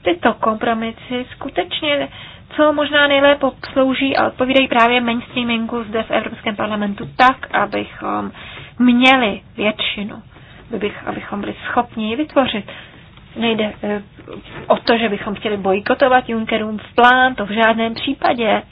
tyto kompromisy skutečně co možná nejlépe slouží a odpovídají právě mainstreamingu zde v Evropském parlamentu tak, abychom měli většinu, abych, abychom byli schopni ji vytvořit. Nejde eh, o to, že bychom chtěli bojkotovat Junckerův plán, to v žádném případě.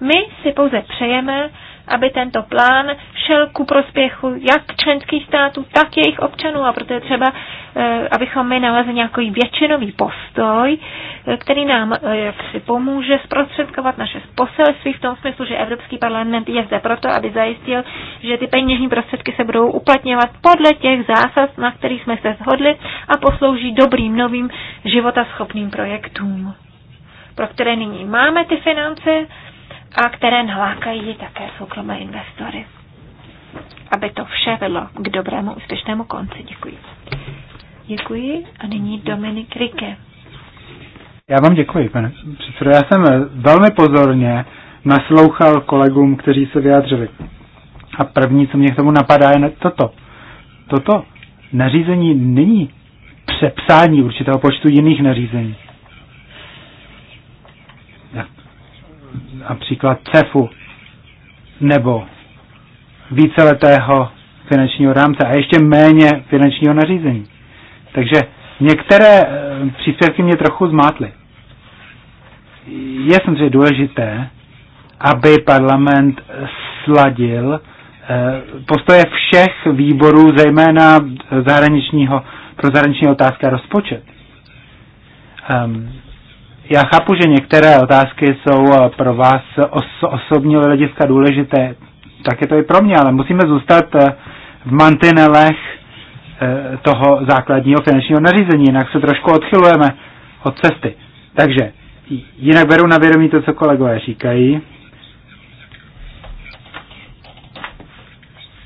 My si pouze přejeme, aby tento plán šel ku prospěchu jak členských států, tak jejich občanů. A proto je třeba, eh, abychom my nalezli nějaký většinový postoj, eh, který nám eh, jaksi pomůže zprostředkovat naše poselství v tom smyslu, že Evropský parlament je zde proto, aby zajistil, že ty peněžní prostředky se budou uplatňovat podle těch zásad, na kterých jsme se shodli a poslouží dobrým novým životaschopným projektům, pro které nyní máme ty finance, a které nalákají také soukromé investory. Aby to vše vedlo k dobrému, úspěšnému konci. Děkuji. Děkuji a nyní Dominik Rike. Já vám děkuji, pane předsedo. Já jsem velmi pozorně naslouchal kolegům, kteří se vyjádřili. A první, co mě k tomu napadá, je toto. Toto nařízení není přepsání určitého počtu jiných nařízení. například CEFu nebo víceletého finančního rámce a ještě méně finančního nařízení. Takže některé eh, příspěvky mě trochu zmátly. Je samozřejmě důležité, aby parlament sladil eh, postoje všech výborů, zejména zahraničního, pro zahraniční otázky a rozpočet. Ehm, já chápu, že některé otázky jsou eh, pro vás os- osobního hlediska důležité. Tak je to i pro mě, ale musíme zůstat eh, v mantinelech eh, toho základního finančního nařízení, jinak se trošku odchylujeme od cesty. Takže jinak beru na vědomí to, co kolegové říkají.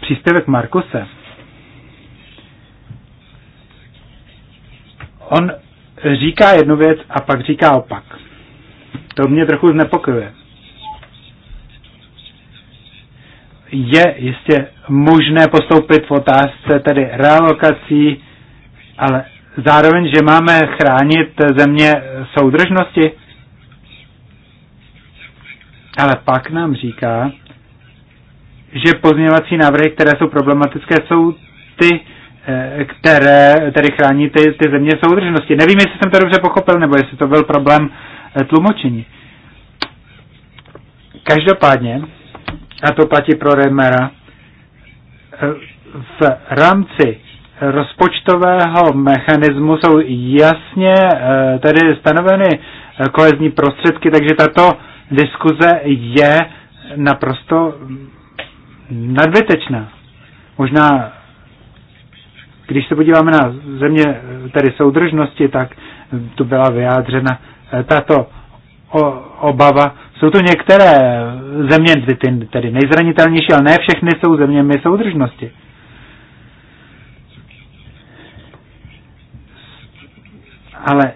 Příspěvek Markuse. On říká jednu věc a pak říká opak. To mě trochu znepokojuje. Je jistě možné postoupit v otázce tedy realokací, ale zároveň, že máme chránit země soudržnosti. Ale pak nám říká, že pozměňovací návrhy, které jsou problematické, jsou ty, Eh, které tedy chrání ty, ty země soudržnosti. Nevím, jestli jsem to dobře pochopil, nebo jestli to byl problém eh, tlumočení. Každopádně, a to platí pro Remera, eh, v rámci rozpočtového mechanismu jsou jasně tedy stanoveny kohezní prostředky, takže tato diskuze je naprosto nadbytečná. Možná když se podíváme na země tedy soudržnosti, tak tu byla vyjádřena eh, tato obava. Jsou to některé země, tedy nejzranitelnější, ale ne všechny jsou zeměmi soudržnosti. Ale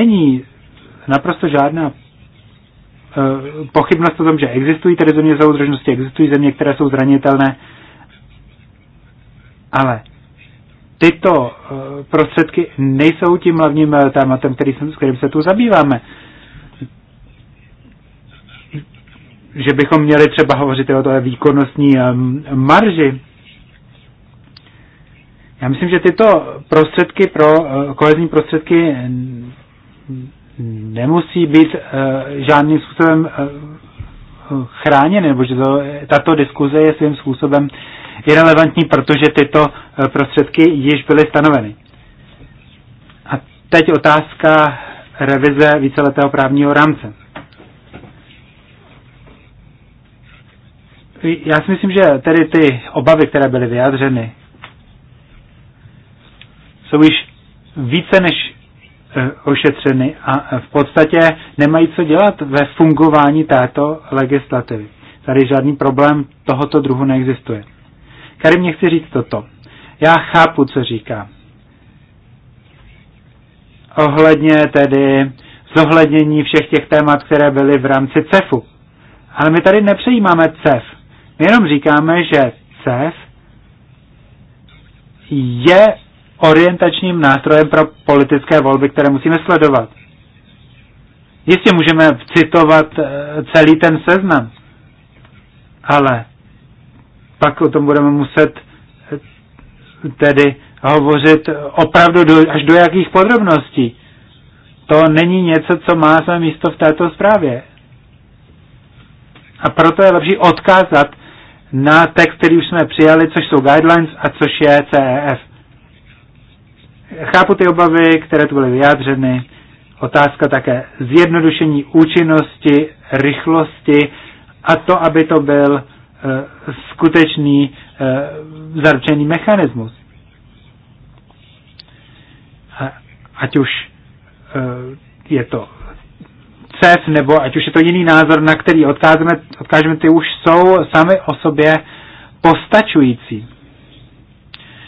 není naprosto žádná eh, pochybnost o tom, že existují tedy země soudržnosti, existují země, které jsou zranitelné, ale tyto eh, prostředky nejsou tím hlavním eh, tématem, který, s kterým se tu zabýváme. Že bychom měli třeba hovořit o té výkonnostní marži. Já myslím, že tyto prostředky pro eh, kohezní prostředky nemusí být žádným způsobem chráněny, nebo že to, tato diskuze je svým způsobem irrelevantní, protože tyto eh, prostředky již byly stanoveny. A teď otázka revize víceletého právního rámce. Já si myslím, že tedy ty obavy, které byly vyjádřeny, jsou již více než eh, ošetřeny a eh, v podstatě nemají co dělat ve fungování této legislativy. Tady žádný problém tohoto druhu neexistuje. Karim mě chce říct toto. Já chápu, co říká. Ohledně tedy zohlednění všech těch témat, které byly v rámci CEFu. Ale my tady nepřejímáme CEF. My jenom říkáme, že CEF je orientačním nástrojem pro politické volby, které musíme sledovat. Jistě můžeme citovat eh, celý ten seznam, ale pak o tom budeme muset eh, tedy hovořit opravdu do, až do jakých podrobností. To není něco, co má své místo v této zprávě. A proto je lepší odkázat na text, který už jsme přijali, což jsou guidelines a což je CEF. Chápu ty obavy, které tu byly vyjádřeny. Otázka také zjednodušení účinnosti, rychlosti a to, aby to byl Eh, skutečný eh, zaručený mechanismus. Ať už eh, je to CEF, nebo ať už je to jiný názor, na který odkážeme, odkážeme ty už jsou sami o sobě postačující.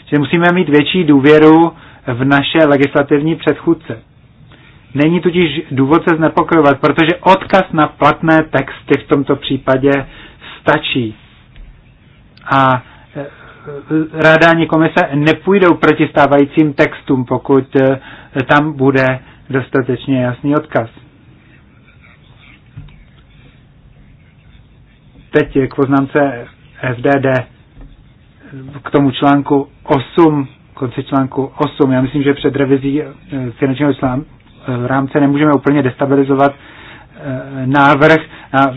Že musíme mít větší důvěru v naše legislativní předchůdce. Není tudíž důvod se znepokojovat, protože odkaz na platné texty v tomto případě stačí a e, rada ani komise nepůjdou proti stávajícím textům, pokud e, tam bude dostatečně jasný odkaz. Teď k poznámce FDD k tomu článku 8, konci článku 8. Já myslím, že před revizí e, finančního rámce nemůžeme úplně destabilizovat návrh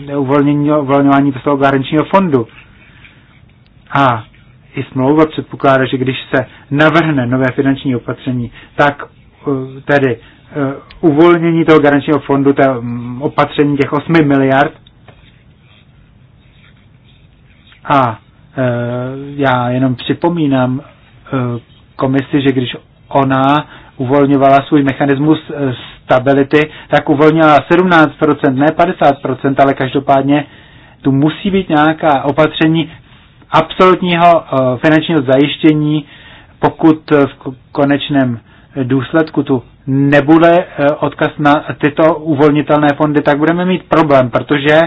na uvolnění, uvolňování toho garančního fondu. A i smlouva předpokládá, že když se navrhne nové finanční opatření, tak eh, tedy eh, uvolnění toho garančního fondu, to mm, opatření těch 8 miliard. A eh, já jenom připomínám komisi, že když ona uvolňovala svůj mechanismus stability, tak uvolnila 17%, ne 50%, ale každopádně tu musí být nějaká opatření, absolutního eh, finančního zajištění, pokud eh, v konečném důsledku tu nebude eh, odkaz na tyto uvolnitelné fondy, tak budeme mít problém, protože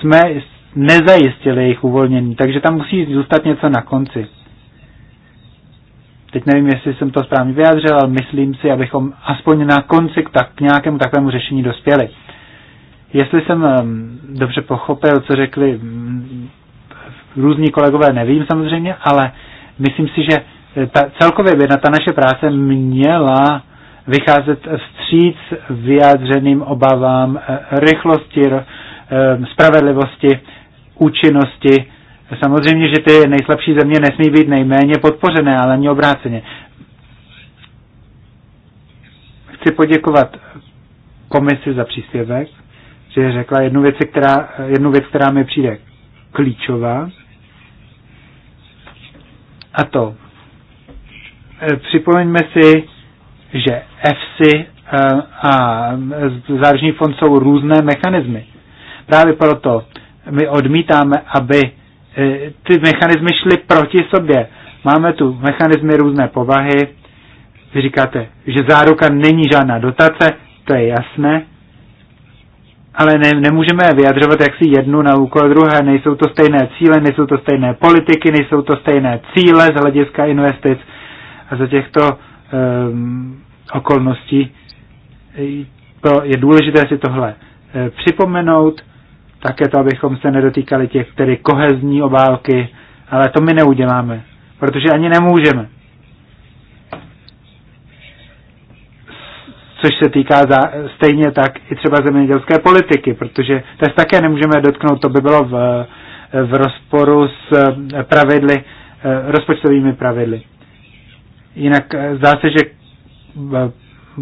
jsme nezajistili jejich uvolnění, takže tam musí zůstat něco na konci. Teď nevím, jestli jsem to správně vyjádřil, ale myslím si, abychom aspoň na konci k, tak, k nějakému takovému řešení dospěli. Jestli jsem ehm, dobře pochopil, co řekli mm, různí kolegové, nevím samozřejmě, ale myslím si, že eh, ta, celkově by na ta naše práce měla vycházet vstříc vyjádřeným obavám eh, rychlosti, eh, spravedlivosti, účinnosti. Samozřejmě, že ty nejslabší země nesmí být nejméně podpořené, ale ani obráceně. Chci poděkovat komisi za příspěvek, že řekla jednu věc, která, jednu věc, která mi přijde klíčová. A to e, připomeňme si, že EFSI a záruční fond jsou různé mechanismy. Právě proto my odmítáme, aby e, ty mechanismy šly proti sobě. Máme tu mechanismy různé povahy. Vy říkáte, že záruka není žádná dotace, to je jasné ale ne, nemůžeme vyjadřovat jaksi jednu na úkol druhé. Nejsou to stejné cíle, nejsou to stejné politiky, nejsou to stejné cíle z hlediska investic. A za těchto um, okolností e, to je důležité si tohle e, připomenout, také to, abychom se nedotýkali těch které kohezní obálky, ale to my neuděláme, protože ani nemůžeme. což se týká za, stejně tak i třeba zemědělské politiky, protože to také nemůžeme dotknout, to by bylo v, v rozporu s eh, pravidly, eh, rozpočtovými pravidly. Jinak eh, zdá se, že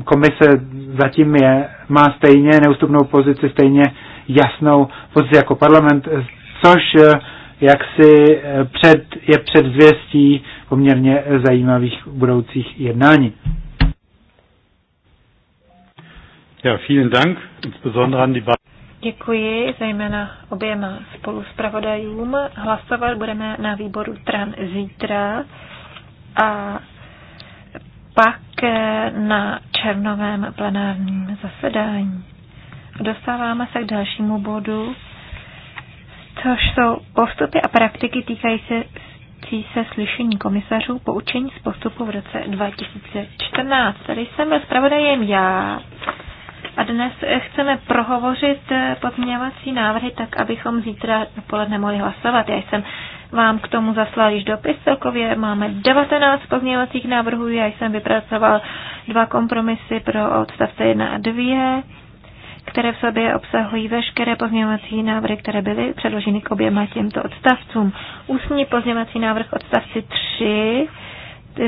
komise zatím je, má stejně neustupnou pozici, stejně jasnou pozici jako parlament, což jak si před, je předzvěstí poměrně zajímavých budoucích jednání. Ja, vielen Dank, insbesondere an die Děkuji zejména oběma spoluspravodajům. Hlasovat budeme na výboru TRAN zítra a pak eh, na červnovém plenárním zasedání. Dostáváme se k dalšímu bodu, což jsou postupy a praktiky týkající se slyšení komisařů po učení z postupu v roce 2014. Tady jsem byl zpravodajem já a dnes chceme prohovořit podměvací návrhy tak, abychom zítra dopoledne mohli hlasovat. Já jsem vám k tomu zaslal již dopis. Celkově máme 19 pozměňovacích návrhů. Já jsem vypracoval dva kompromisy pro odstavce 1 a 2, které v sobě obsahují veškeré pozměňovací návrhy, které byly předloženy k oběma těmto odstavcům. Ústní pozměňovací návrh odstavci 3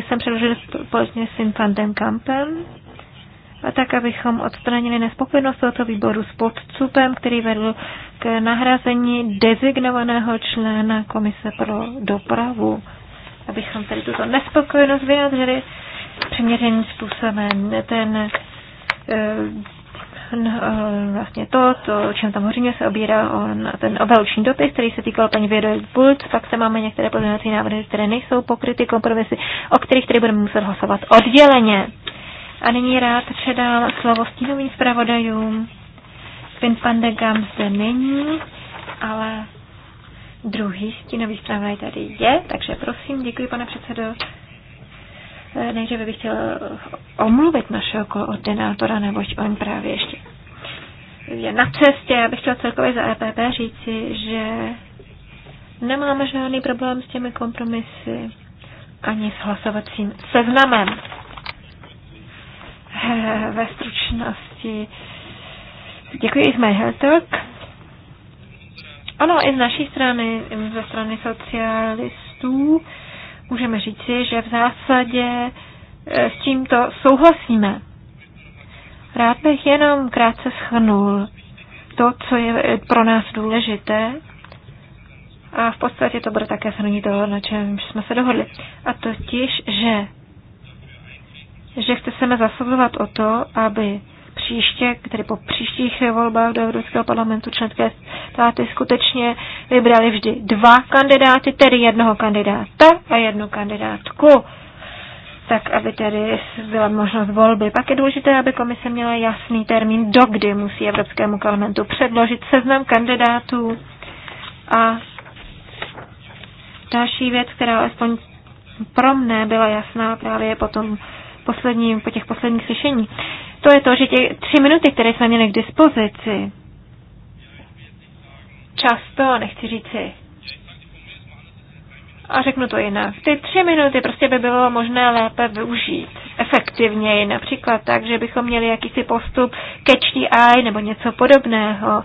jsem předložil společně s Infantem Kampem a tak, abychom odstranili nespokojenost tohoto výboru s podcupem, který vedl k nahrazení dezignovaného člena Komise pro dopravu. Abychom tedy tuto nespokojenost vyjádřili přiměřeným způsobem. Ten eh, eh, vlastně to, to, o čem tam hořině se obírá on, ten obhaluční dopis, který se týkal paní Vědoj Bult, pak tam máme některé pozměňovací návrhy, které nejsou pokryty kompromisy, o kterých tedy budeme muset hlasovat odděleně. A nyní rád předal slovo stínovým zpravodajům. Pin Pandegam zde není, ale druhý stínový zpravodaj tady je, takže prosím, děkuji pane předsedo. Eh, nejdříve bych chtěl omluvit našeho koordinátora, neboť on právě ještě je na cestě. Já bych chtěl celkově za EPP říci, že nemáme žádný problém s těmi kompromisy ani s hlasovacím seznamem. Eh, ve stručnosti. Děkuji i z My Health Talk. Ano, i z naší strany, i ze strany socialistů, můžeme říci, že v zásadě eh, s tímto souhlasíme. Rád bych jenom krátce schrnul to, co je pro nás důležité a v podstatě to bude také shrnutí toho, na čem jsme se dohodli. A totiž, že že chceme zasazovat o to, aby příště, tedy po příštích volbách do Evropského parlamentu členské státy skutečně vybrali vždy dva kandidáty, tedy jednoho kandidáta a jednu kandidátku tak aby tedy byla možnost volby. Pak je důležité, aby komise měla jasný termín, dokdy musí Evropskému parlamentu předložit seznam kandidátů. A další věc, která alespoň pro mne byla jasná, právě potom poslední, po těch posledních slyšení, to je to, že těch tři minuty, které jsme měli k dispozici, často, nechci říci, a řeknu to jinak, ty tři minuty prostě by bylo možné lépe využít efektivněji, například tak, že bychom měli jakýsi postup catch the eye nebo něco podobného,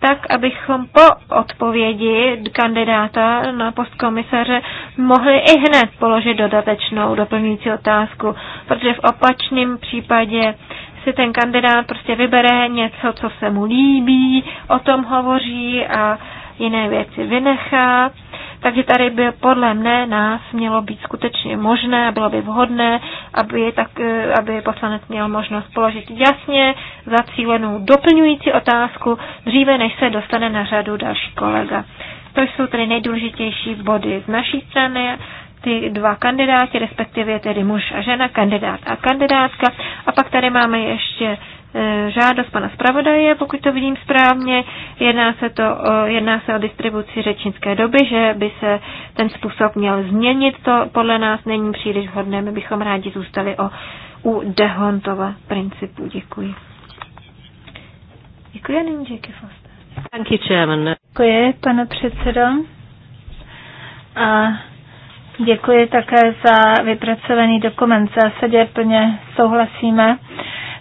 tak abychom po odpovědi kandidáta na postkomisaře mohli i hned položit dodatečnou doplňující otázku, protože v opačném případě si ten kandidát prostě vybere něco, co se mu líbí, o tom hovoří a jiné věci vynechá. Takže tady by podle mne nás mělo být skutečně možné a bylo by vhodné, aby, tak, eh, aby poslanec měl možnost položit jasně zacílenou doplňující otázku dříve, než se dostane na řadu další kolega. To jsou tedy nejdůležitější body z naší strany ty dva kandidáti, respektive tedy muž a žena, kandidát a kandidátka. A pak tady máme ještě Eh, žádost pana zpravodaje, pokud to vidím správně. Jedná se, to o, jedná se o distribuci řečnické doby, že by se ten způsob měl změnit. To podle nás není příliš vhodné. My bychom rádi zůstali o, u Dehontova principu. Děkuji. Děkuji a nyní Jackie Foster. Děkuji, pane předsedo. A děkuji také za vypracovaný dokument. V zásadě plně souhlasíme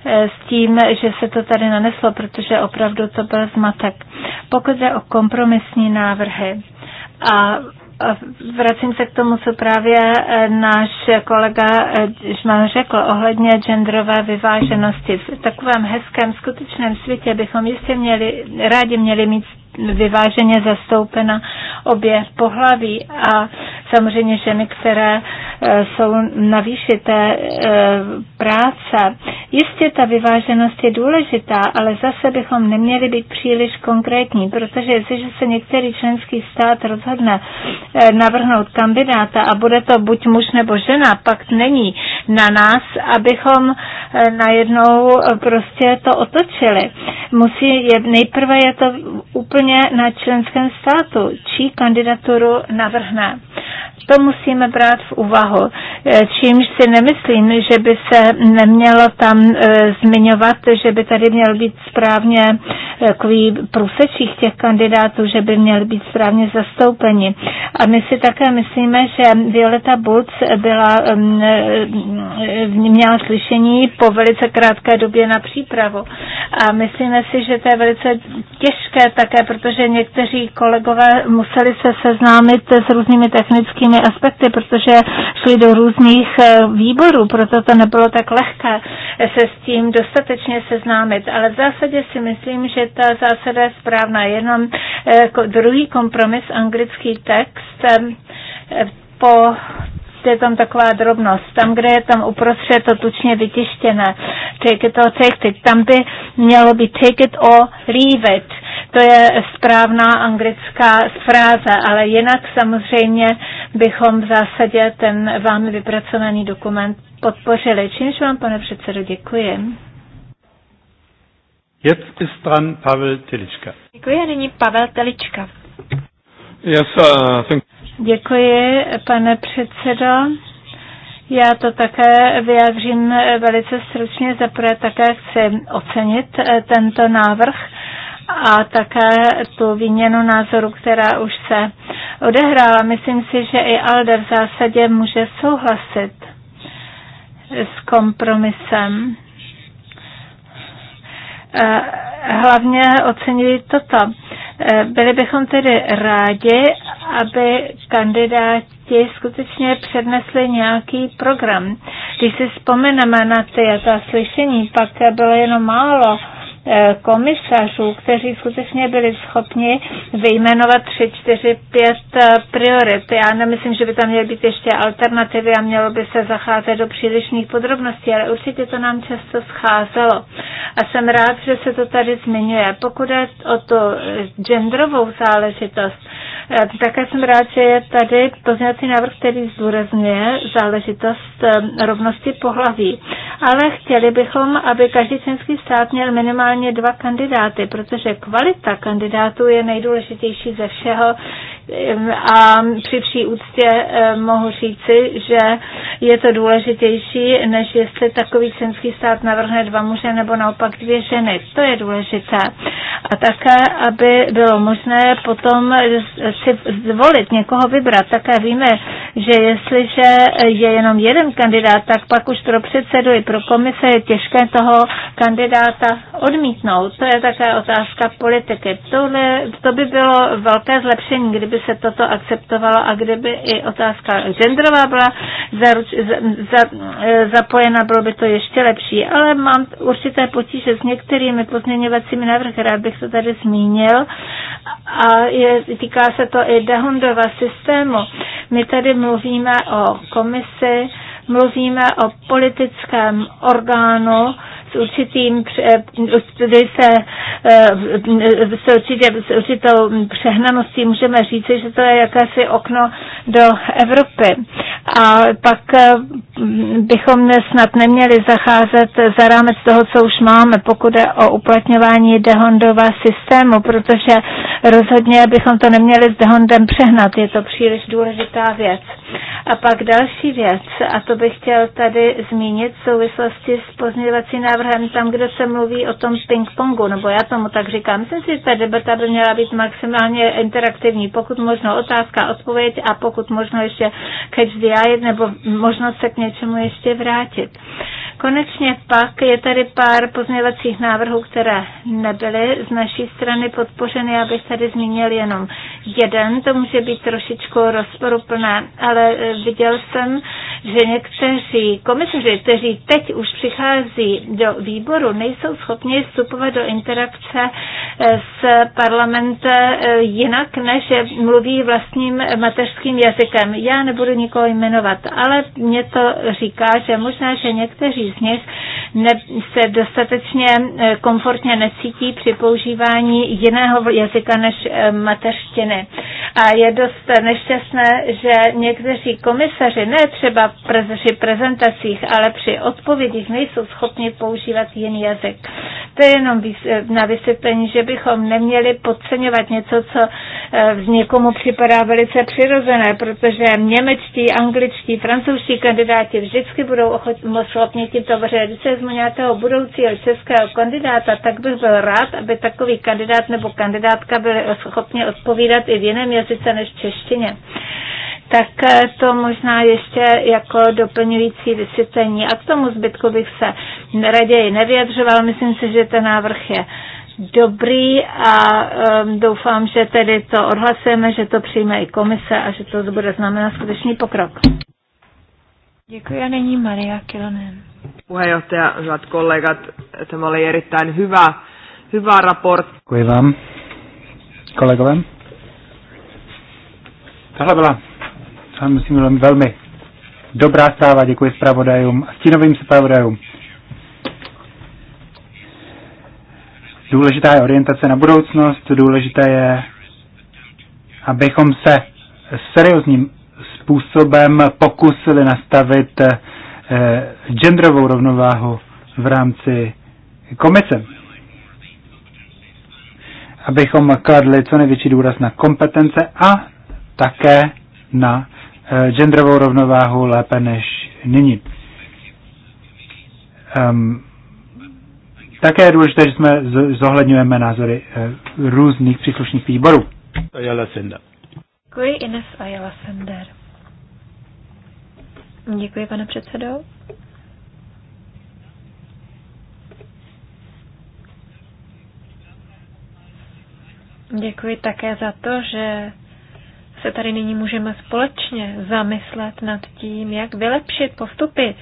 Eh, s tím, že se to tady naneslo, protože opravdu to byl zmatek. Pokud jde o kompromisní návrhy a vracím se k tomu, co právě eh, náš kolega eh, Žman řekl ohledně genderové vyváženosti. V takovém hezkém skutečném světě bychom jistě měli, rádi měli mít vyváženě zastoupena obě pohlaví a samozřejmě ženy, které e, jsou na výši té e, práce. Jistě ta vyváženost je důležitá, ale zase bychom neměli být příliš konkrétní, protože jestliže se některý členský stát rozhodne e, navrhnout kandidáta a bude to buď muž nebo žena, pak není na nás, abychom najednou prostě to otočili. Musí, je, nejprve je to úplně na členském státu, čí kandidaturu navrhne. To musíme brát v úvahu. Eh, čímž si nemyslím, že by se nemělo tam eh, zmiňovat, že by tady měl být správně eh, takový průsečích těch kandidátů, že by měli být správně zastoupeni. A my si také myslíme, že Violeta Bulc byla, mm, mm, měla slyšení po velice krátké době na přípravu. A myslíme si, že to je velice těžké také, protože někteří kolegové museli se seznámit s různými technickými různými aspekty, protože šli do různých eh, výborů, proto to nebylo tak lehké eh, se s tím dostatečně seznámit. Ale v zásadě si myslím, že ta zásada je správná. Jenom eh, druhý kompromis, anglický text, po je tam taková drobnost. Tam, kde je tam uprostřed to tučně vytištěné, take it or take it, tam by mělo být take it or leave it. To je správná anglická fráze, ale jinak samozřejmě bychom v zásadě ten vám vypracovaný dokument podpořili. Čímž vám, pane předsedo, děkuji. Jetzt ist dran Pavel Telička. Děkuji, a nyní Pavel Telička. Yes, uh, think... Děkuji, pane předsedo. Já to také vyjádřím velice stručně. Zaprvé také chci ocenit eh, tento návrh a také tu výměnu názoru, která už se odehrála. Myslím si, že i Alder v zásadě může souhlasit s kompromisem. Eh, hlavně ocenili toto. Eh, byli bychom tedy rádi, aby kandidáti skutečně přednesli nějaký program. Když si vzpomeneme na ty ta slyšení, pak bylo jenom málo Eh, komisařů, kteří skutečně byli schopni vyjmenovat tři, čtyři, pět eh, priorit. Já nemyslím, že by tam měly být ještě alternativy a mělo by se zacházet do přílišných podrobností, ale určitě to nám často scházelo. A jsem rád, že se to tady zmiňuje. Pokud je o tu eh, genderovou záležitost, Eh, také jsem rád, že je tady pozměňovací návrh, který zdůrazňuje záležitost eh, rovnosti pohlaví. Ale chtěli bychom, aby každý členský stát měl minimálně dva kandidáty, protože kvalita kandidátů je nejdůležitější ze všeho, Ehm, a při vší úctě ehm, mohu říci, že je to důležitější, než jestli takový členský stát navrhne dva muže nebo naopak dvě ženy. To je důležité. A také, aby bylo možné potom si zvolit, někoho vybrat. Také víme, že jestliže je jenom jeden kandidát, tak pak už pro předsedu i pro komise je těžké toho kandidáta odmítnout. To je také otázka politiky. Tohle, to by bylo velké zlepšení, kdyby se toto akceptovalo a kdyby i otázka genderová byla zaruč, za, za, zapojena, bylo by to ještě lepší. Ale mám určité potíže s některými pozměňovacími návrhy, rád bych to tady zmínil. A je, týká se to i Dahundova systému. My tady mluvíme o komisi, mluvíme o politickém orgánu s určitým, se, eh, s, určitě, s určitou přehnaností můžeme říci, že to je jakési okno do Evropy. A pak eh, bychom snad neměli zacházet za rámec toho, co už máme, pokud je o uplatňování Dehondova systému, protože rozhodně bychom to neměli s Dehondem přehnat. Je to příliš důležitá věc. A pak další věc, a to bych chtěl tady zmínit v souvislosti s pozměňovací návrhy návrhem tam, kde se mluví o tom ping-pongu, nebo já tomu tak říkám. Myslím si, že ta debata by měla být maximálně interaktivní, pokud možno otázka, odpověď a pokud možno ještě catch the eye, nebo možnost se k něčemu ještě vrátit. Konečně pak je tady pár pozměvacích návrhů, které nebyly z naší strany podpořeny. abych tady zmínil jenom jeden. To může být trošičku rozporuplné, ale eh, viděl jsem, že někteří komisaři, kteří teď už přichází do výboru, nejsou schopni vstupovat do interakce eh, s parlamentem eh, jinak, než mluví vlastním mateřským jazykem. Já nebudu nikoho jmenovat, ale mě to říká, že možná, že někteří z nich ne, se dostatečně e, komfortně necítí při používání jiného jazyka než e, mateřštiny. A je dost nešťastné, že někteří komisaři, ne třeba při prezentacích, ale při odpovědích nejsou schopni používat jiný jazyk. To je jenom e, na vysvětlení, že bychom neměli podceňovat něco, co někomu připadá velice přirozené, protože němečtí, angličtí, francouzští kandidáti vždycky budou ochotní, schopni ti dobře, když se vezmu nějakého budoucího českého kandidáta, tak bych byl rád, aby takový kandidát nebo kandidátka byli schopni odpovídat i v jiném jazyce než v češtině. Tak eh, to možná ještě jako doplňující vysvětlení. A k tomu zbytku bych se raději nevyjadřoval. Myslím si, že ten návrh je dobrý a um, doufám, že tedy to odhlasujeme, že to přijme i komise a že to bude znamenat skutečný pokrok. Děkuji a není Maria Kilonen. Puheenjohtaja, hyvät kollegat, tämä oli erittäin hyvä, hyvä raportti. Děkuji Kollega kolegové. Tohle byla, tohle musím velmi, velmi dobrá zpráva, děkuji zpravodajům a stínovým zpravodajům. Důležitá je orientace na budoucnost, důležité je, abychom se seriózním způsobem pokusili nastavit Eh, genderovou rovnováhu v rámci komise. Abychom kladli co největší důraz na kompetence a také na eh, genderovou rovnováhu lépe než nyní. Um, také je důležité, že jsme zohledňujeme názory eh, různých příslušných výborů. Ayala Sender. Děkuji, Ines Ayala Sender. Děkuji, pane předsedo. Děkuji také za to, že se tady nyní můžeme společně zamyslet nad tím, jak vylepšit postupy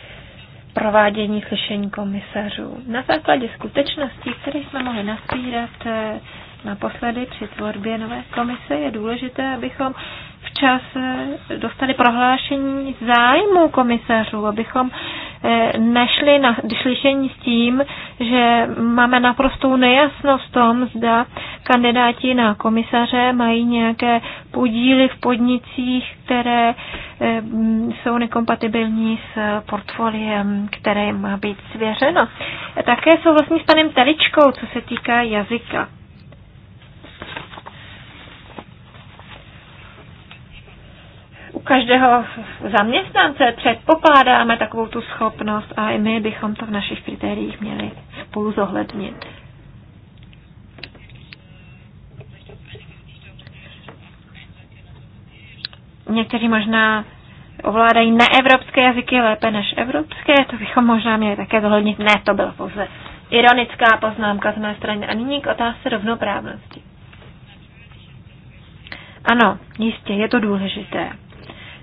provádění slyšení komisařů. Na základě skutečností, které jsme mohli naspírat eh, naposledy při tvorbě nové komise, je důležité, abychom včas eh, dostali prohlášení zájmu komisařů, abychom eh, nešli na slyšení s tím, že máme naprostou nejasnost v tom, zda kandidáti na komisaře mají nějaké podíly v podnicích, které eh, jsou nekompatibilní s portfoliem, které má být svěřeno. Také souhlasím s panem Teličkou, co se týká jazyka. u každého zaměstnance předpokládáme takovou tu schopnost a i my bychom to v našich kritériích měli spolu zohlednit. Někteří možná ovládají neevropské jazyky lépe než evropské, to bychom možná měli také zohlednit. Ne, to byla pouze ironická poznámka z mé strany. A nyní k otázce rovnoprávnosti. Ano, jistě, je to důležité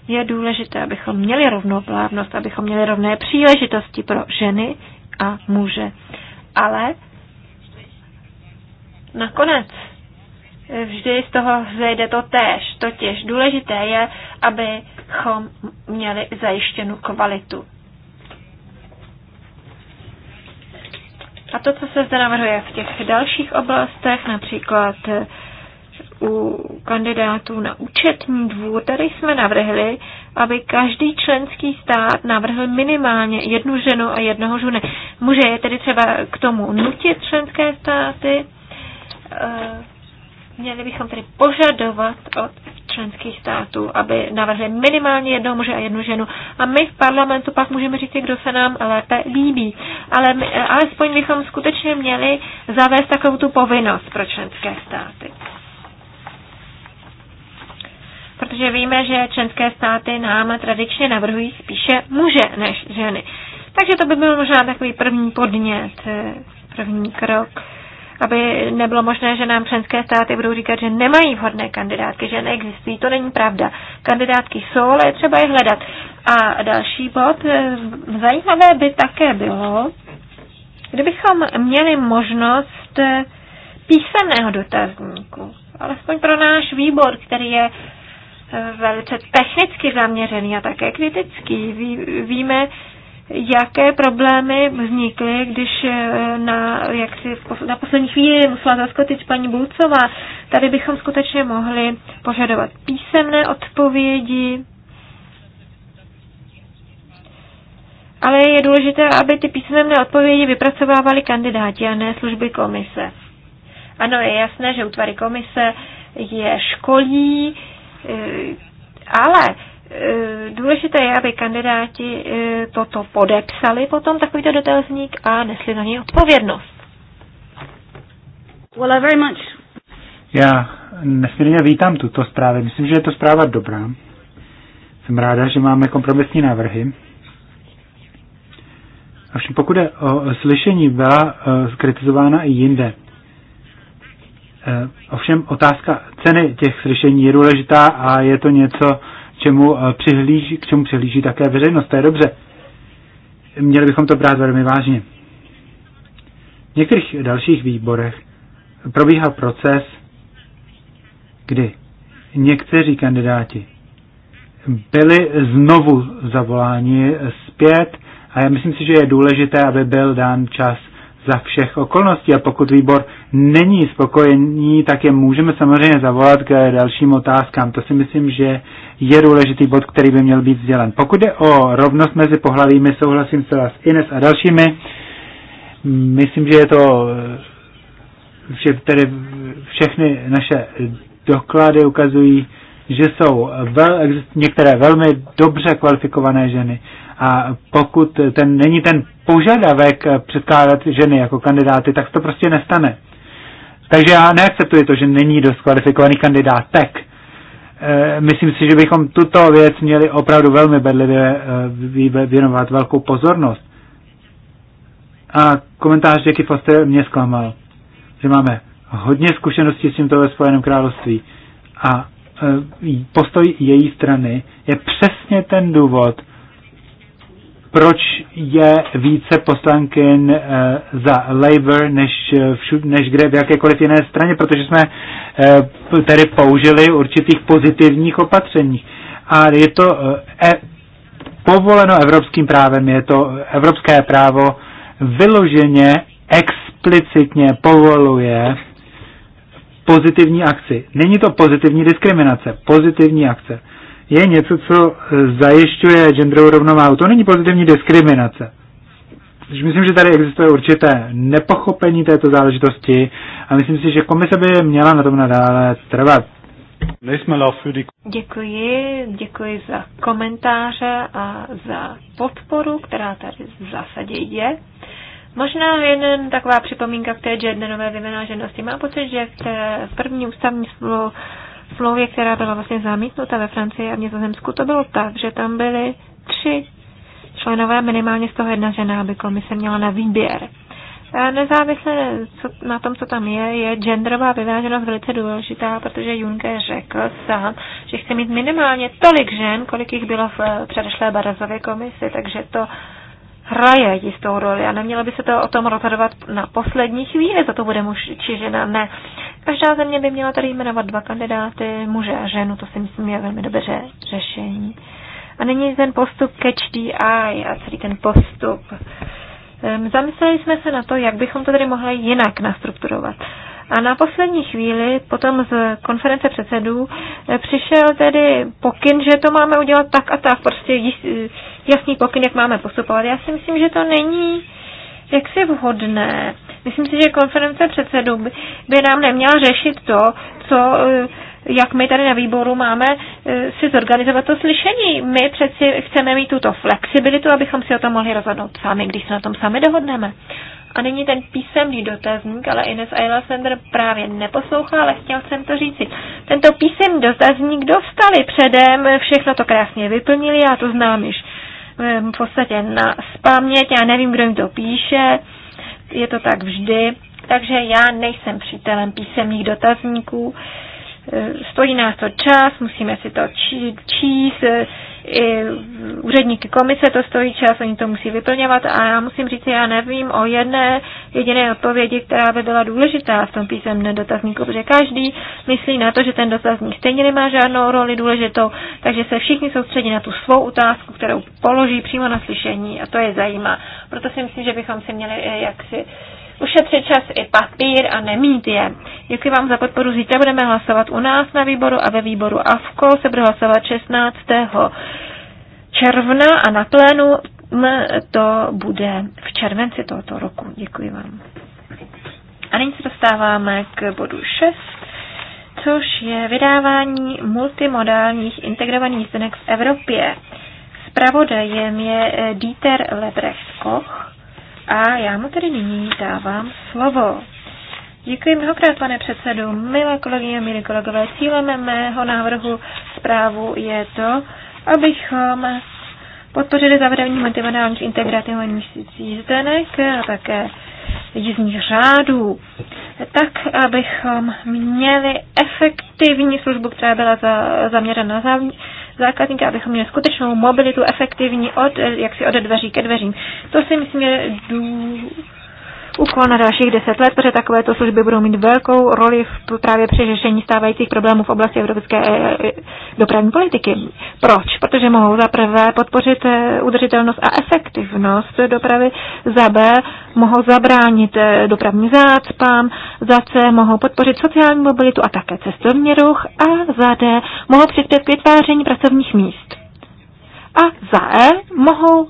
je důležité, abychom měli rovnoprávnost, abychom měli rovné příležitosti pro ženy a muže. Ale nakonec vždy z toho zejde to též. Totiž důležité je, abychom měli zajištěnu kvalitu. A to, co se zde navrhuje v těch dalších oblastech, například u kandidátů na účetní dvůr, tady jsme navrhli, aby každý členský stát navrhl minimálně jednu ženu a jednoho žune. Může je tedy třeba k tomu nutit členské státy. Eh, měli bychom tedy požadovat od členských států, aby navrhli minimálně jednoho muže a jednu ženu. A my v parlamentu pak můžeme říct, kdo se nám lépe líbí. Ale my, eh, alespoň bychom skutečně měli zavést takovou tu povinnost pro členské státy protože víme, že členské státy nám tradičně navrhují spíše muže než ženy. Takže to by byl možná takový první podnět, eh, první krok, aby nebylo možné, že nám členské státy budou říkat, že nemají vhodné kandidátky, že neexistují. To není pravda. Kandidátky jsou, ale je třeba je hledat. A další bod, eh, zajímavé by také bylo, kdybychom měli možnost eh, písemného dotazníku, alespoň pro náš výbor, který je velice technicky zaměřený a také kritický. Ví, víme, jaké problémy vznikly, když eh, na, jak si, na poslední chvíli musela zaskotit paní Bulcová. Tady bychom skutečně mohli požadovat písemné odpovědi, ale je důležité, aby ty písemné odpovědi vypracovávali kandidáti a ne služby komise. Ano, je jasné, že útvary komise je školí, Eh, ale eh, důležité je, aby kandidáti eh, toto podepsali potom takovýto dotazník a nesli za něj odpovědnost. Well, I very much. Já nesmírně vítám tuto zprávu. Myslím, že je to zpráva dobrá. Jsem ráda, že máme kompromisní návrhy. Avšem pokud je o slyšení, byla kritizována i jinde. Eh, ovšem otázka ceny těch slyšení je důležitá a je to něco, čemu eh, přihlíží, k čemu přihlíží také veřejnost. To je dobře. Měli bychom to brát velmi vážně. V některých dalších výborech probíhá proces, kdy někteří kandidáti byli znovu zavoláni zpět a já myslím si, že je důležité, aby byl dán čas za všech okolností a pokud výbor není spokojený, tak je můžeme samozřejmě zavolat k dalším otázkám. To si myslím, že je důležitý bod, který by měl být sdělen. Pokud je o rovnost mezi pohlavími, souhlasím se s Ines a dalšími. Myslím, že je to že tedy všechny naše doklady ukazují, že jsou vel, některé velmi dobře kvalifikované ženy, a pokud ten není ten požadavek předkládat ženy jako kandidáty, tak se to prostě nestane. Takže já neakceptuji to, že není dost kvalifikovaný kandidátek. E, myslím si, že bychom tuto věc měli opravdu velmi bedlivě e, věnovat velkou pozornost. A komentář Jacky Foster mě zklamal, že máme hodně zkušeností s tímto ve Spojeném království a e, postoj její strany je přesně ten důvod, proč je více poslankyn eh, za Labour než, eh, všud, než kde v jakékoliv jiné straně, protože jsme eh, tady použili určitých pozitivních opatření. A je to e, povoleno evropským právem, je to evropské právo vyloženě explicitně povoluje pozitivní akci. Není to pozitivní diskriminace, pozitivní akce je něco, co eh, zajišťuje genderovou rovnováhu. To není pozitivní diskriminace. Myslím, že tady existuje určité nepochopení této záležitosti a myslím si, že komise by měla na tom nadále trvat. Děkuji, děkuji za komentáře a za podporu, která tady v zásadě je. Možná jen taková připomínka k té genderové vyvenáženosti. Mám pocit, že v té první ústavní smlouvě smlouvě, která byla vlastně zamítnuta ve Francii a v Nizozemsku, to bylo tak, že tam byly tři členové, minimálně z toho jedna žena, aby komise měla na výběr. A nezávisle co, na tom, co tam je, je genderová vyváženost velice důležitá, protože Juncker řekl sám, že chce mít minimálně tolik žen, kolik jich bylo v eh, předešlé Barazově komisi, takže to hraje jistou roli a nemělo by se to o tom rozhodovat na poslední chvíli, za to bude muž či žena, ne. Každá země by měla tady jmenovat dva kandidáty, muže a ženu, to si myslím je velmi dobré řešení. A nyní ten postup catch the eye a celý ten postup. Zamysleli jsme se na to, jak bychom to tady mohli jinak nastrukturovat. A na poslední chvíli, potom z konference předsedů, e, přišel tedy pokyn, že to máme udělat tak a tak, prostě jist, jasný pokyn, jak máme postupovat. Já si myslím, že to není jaksi vhodné. Myslím si, že konference předsedů by nám neměla řešit to, co eh, jak my tady na výboru máme eh, si zorganizovat to slyšení. My přeci chceme mít tuto flexibilitu, abychom si o tom mohli rozhodnout sami, když se na tom sami dohodneme. A nyní ten písemný dotazník, ale Ines Eilasender právě neposlouchá, ale chtěl jsem to říci. Tento písemný dotazník dostali předem, všechno to krásně vyplnili, já to znám již v podstatě na spaměť, já nevím, kdo jim to píše, je to tak vždy, takže já nejsem přítelem písemných dotazníků, stojí nás to čas, musíme si to číst, i úředníky komise to stojí čas, oni to musí vyplňovat a já musím říct, já nevím o jedné jediné odpovědi, která by byla důležitá v tom písemném dotazníku, protože každý myslí na to, že ten dotazník stejně nemá žádnou roli důležitou, takže se všichni soustředí na tu svou otázku, kterou položí přímo na slyšení a to je zajímá. Proto si myslím, že bychom si měli eh, jaksi ušetřit čas i papír a nemít je. Děkuji vám za podporu. Zítra budeme hlasovat u nás na výboru a ve výboru AFKO se bude hlasovat 16. června a na plénu to bude v červenci tohoto roku. Děkuji vám. A nyní se dostáváme k bodu 6, což je vydávání multimodálních integrovaných zdenek v Evropě. Spravodajem je Dieter Lebrecht Koch a já mu tedy nyní dávám slovo. Děkuji mnohokrát, pane předsedu. Milé kolegyně, milí kolegové, cílem mého návrhu zprávu je to, abychom podpořili zavedení multimodálních integrativních jízdenek a také jízdních řádů, tak, abychom měli efektivní službu, která byla za, zaměřena na zákazníky, abychom měli skutečnou mobilitu efektivní od, jak si ode dveří ke dveřím. To si myslím je dů, úkol na dalších deset let, protože takovéto služby budou mít velkou roli v, právě při řešení stávajících problémů v oblasti evropské eh, eh, dopravní politiky. Proč? Protože mohou za prvé podpořit eh, udržitelnost a efektivnost dopravy, za B mohou zabránit dopravní zácpám, za C mohou podpořit sociální mobilitu a také cestovní ruch a za D mohou přispět k vytváření pracovních míst. A za E mohou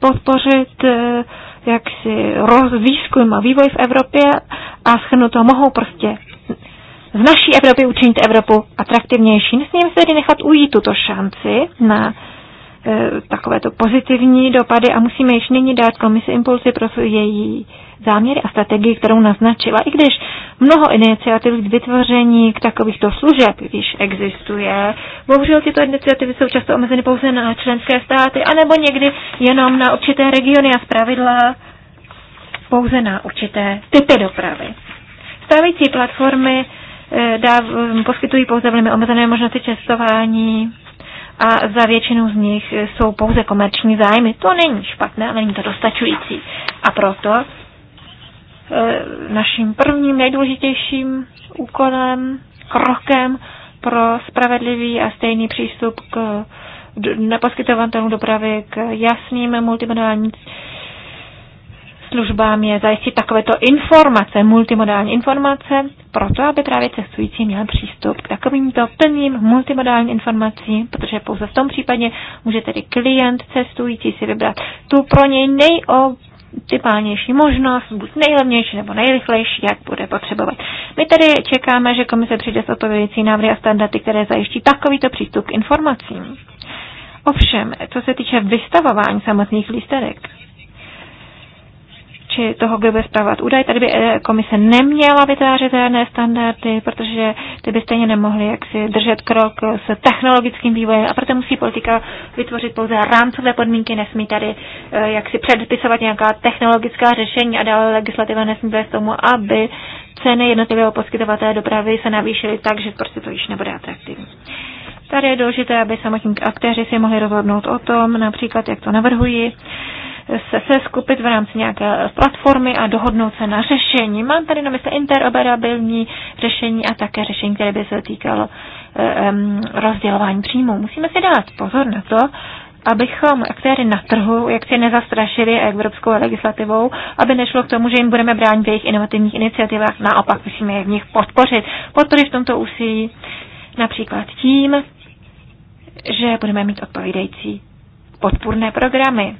podpořit jaksi si výzkum a vývoj v Evropě a schrnuto mohou prostě z naší Evropy učinit Evropu atraktivnější. Nesmíme se tedy nechat ujít tuto šanci na e, takovéto pozitivní dopady a musíme již nyní dát komisi impulzy pro její záměry a strategii, kterou naznačila, i když Mnoho iniciativ k vytvoření k takovýchto služeb když existuje. Bohužel tyto iniciativy jsou často omezeny pouze na členské státy, anebo někdy jenom na určité regiony a zpravidla pouze na určité typy dopravy. Stávající platformy eh, dá, poskytují pouze velmi omezené možnosti cestování a za většinu z nich jsou pouze komerční zájmy. To není špatné, ale není to dostačující. A proto E, naším prvním nejdůležitějším úkolem, krokem pro spravedlivý a stejný přístup k neposkytovatelům dopravy k jasným multimodálním službám je zajistit takovéto informace, multimodální informace, proto aby právě cestující měl přístup k takovýmto plným multimodálním informacím, protože pouze v tom případě může tedy klient cestující si vybrat tu pro něj nejo, nejoptimálnější možnost, buď nejlevnější nebo nejrychlejší, jak bude potřebovat. My tedy čekáme, že komise přijde s odpovědějící návrhy a standardy, které zajiští takovýto přístup k informacím. Ovšem, co se týče vystavování samotných lísterek, či toho, kdo bude zpravovat údaj. Tady by eh, komise neměla vytvářet žádné standardy, protože ty by stejně nemohly jaksi držet krok s technologickým vývojem a proto musí politika vytvořit pouze rámcové podmínky, nesmí tady eh, jaksi předpisovat nějaká technologická řešení a dále legislativa nesmí vést tomu, aby ceny jednotlivého poskytovatele dopravy se navýšily tak, že prostě to již nebude atraktivní. Tady je důležité, aby samotní aktéři si mohli rozhodnout o tom, například jak to navrhuji, se, se skupit v rámci nějaké platformy a dohodnout se na řešení. Mám tady na mysli interoperabilní řešení a také řešení, které by se týkalo um, rozdělování příjmů. Musíme si dát pozor na to, abychom aktéry na trhu jak si nezastrašili evropskou legislativou, aby nešlo k tomu, že jim budeme bránit v jejich inovativních iniciativách, naopak musíme je v nich podpořit. Podpořit v tomto úsilí například tím, že budeme mít odpovídající podpůrné programy.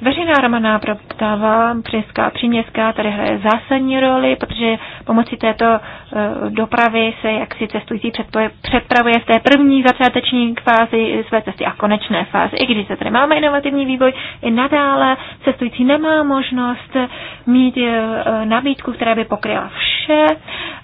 Veřejná hromadná doprava, přeská, příměstská, tady hraje zásadní roli, protože pomocí této eh, dopravy se jak si cestující předpravuje v té první začáteční fázi své cesty a konečné fázi. I když se tady máme inovativní vývoj, i nadále cestující nemá možnost mít eh, nabídku, která by pokryla vše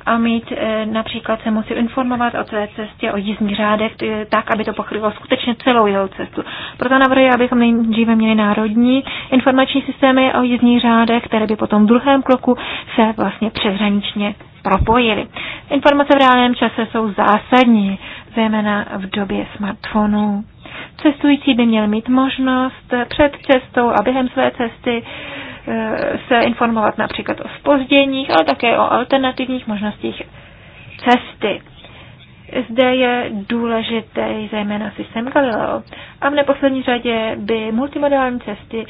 a mít e, například se musí informovat o té cestě, o jízdních řádech, tak, aby to pokrylo skutečně celou jeho cestu. Proto navrhuji, abychom nejdříve měli národní informační systémy o jízdních řádech, které by potom v druhém kroku se vlastně přeshraničně propojily. Informace v reálném čase jsou zásadní, zejména v době smartfonů. Cestující by měl mít možnost před cestou a během své cesty Eh, se informovat například o spozděních, ale také o alternativních možnostích cesty. Zde je důležité zejména systém Galileo. A v neposlední řadě by multimodální cesty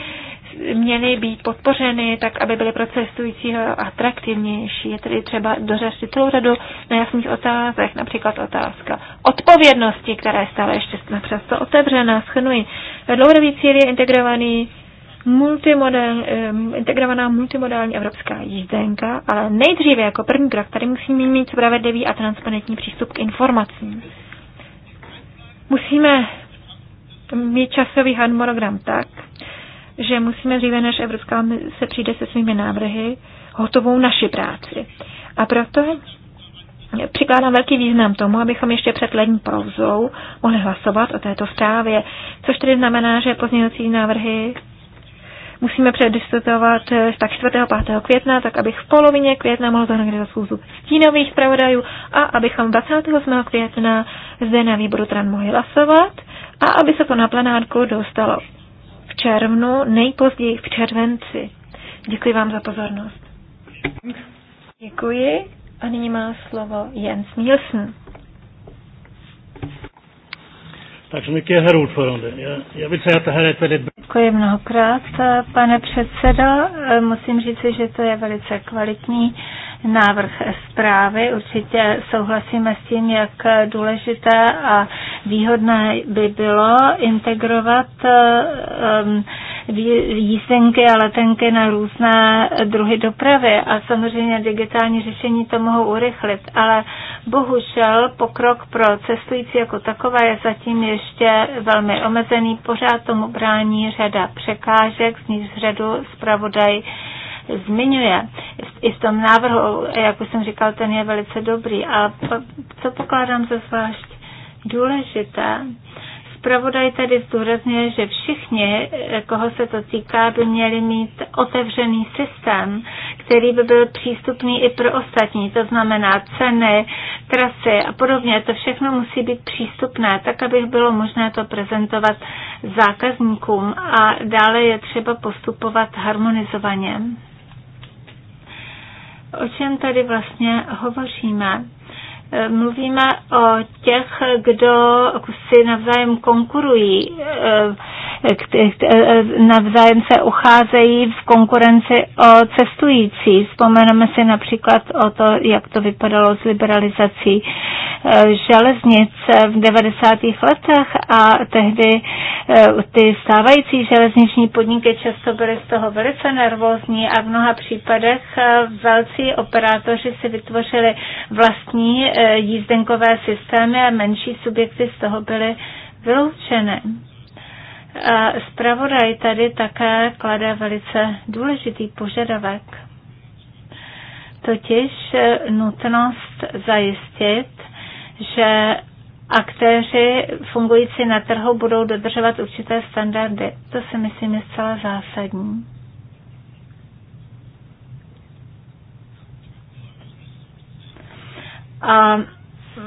měly být podpořeny tak, aby byly pro cestujícího atraktivnější. Je tedy třeba dořešit celou řadu nejasných otázek, například otázka odpovědnosti, která je stále ještě napřesto otevřená. Schrnuji, dlouhodobý cíl je integrovaný multimodál, integrovaná multimodální evropská jízdenka, ale nejdříve jako první krok tady musíme mít spravedlivý a transparentní přístup k informacím. Musíme mít časový harmonogram tak, že musíme dříve, než Evropská se přijde se svými návrhy, hotovou naši práci. A proto Přikládám velký význam tomu, abychom ještě před lední pauzou mohli hlasovat o této zprávě, což tedy znamená, že pozměňovací návrhy musíme předdiskutovat eh, tak 4. a 5. května, tak abych v polovině května mohl zorganizovat schůzu stínových zpravodajů a abychom 28. května zde na výboru TRAN mohli hlasovat a aby se to na plenárku dostalo v červnu, nejpozději v červenci. Děkuji vám za pozornost. Děkuji. A nyní má slovo Jens Nielsen. Tak så mycket, herr ordförande. Jag, jag vill säga att det här är ett väldigt bra... Děkuji mnohokrát, pane předsedo. Musím říct, že to je velice kvalitní návrh zprávy. Určitě souhlasíme s tím, jak důležité a výhodné by bylo integrovat um, jízdenky a letenky na různé druhy dopravy a samozřejmě digitální řešení to mohou urychlit, ale bohužel pokrok pro cestující jako takové je zatím ještě velmi omezený, pořád tomu brání řada překážek, z níž řadu zpravodaj zmiňuje. I v tom návrhu, jak už jsem říkal, ten je velice dobrý. A co pokládám za zvlášť důležité, Spravodaj tady zdůrazňuje, že všichni, eh, koho se to týká, by měli mít otevřený systém, který by byl přístupný i pro ostatní, to znamená ceny, trasy a podobně. To všechno musí být přístupné, tak aby bylo možné to prezentovat zákazníkům a dále je třeba postupovat harmonizovaně. O čem tady vlastně hovoříme? mluvíme o těch, kdo si navzájem konkurují, eh, eh, navzájem se ucházejí v konkurenci o cestující. Vzpomeneme si například o to, jak to vypadalo s liberalizací eh, železnice v 90. letech a tehdy ty stávající železniční podniky často byly z toho velice nervózní a v mnoha případech velcí operátoři si vytvořili vlastní E, jízdenkové systémy a menší subjekty z toho byly vyloučeny. A zpravodaj tady také klade velice důležitý požadavek, totiž nutnost zajistit, že aktéři fungující na trhu budou dodržovat určité standardy. To si myslím je zcela zásadní. A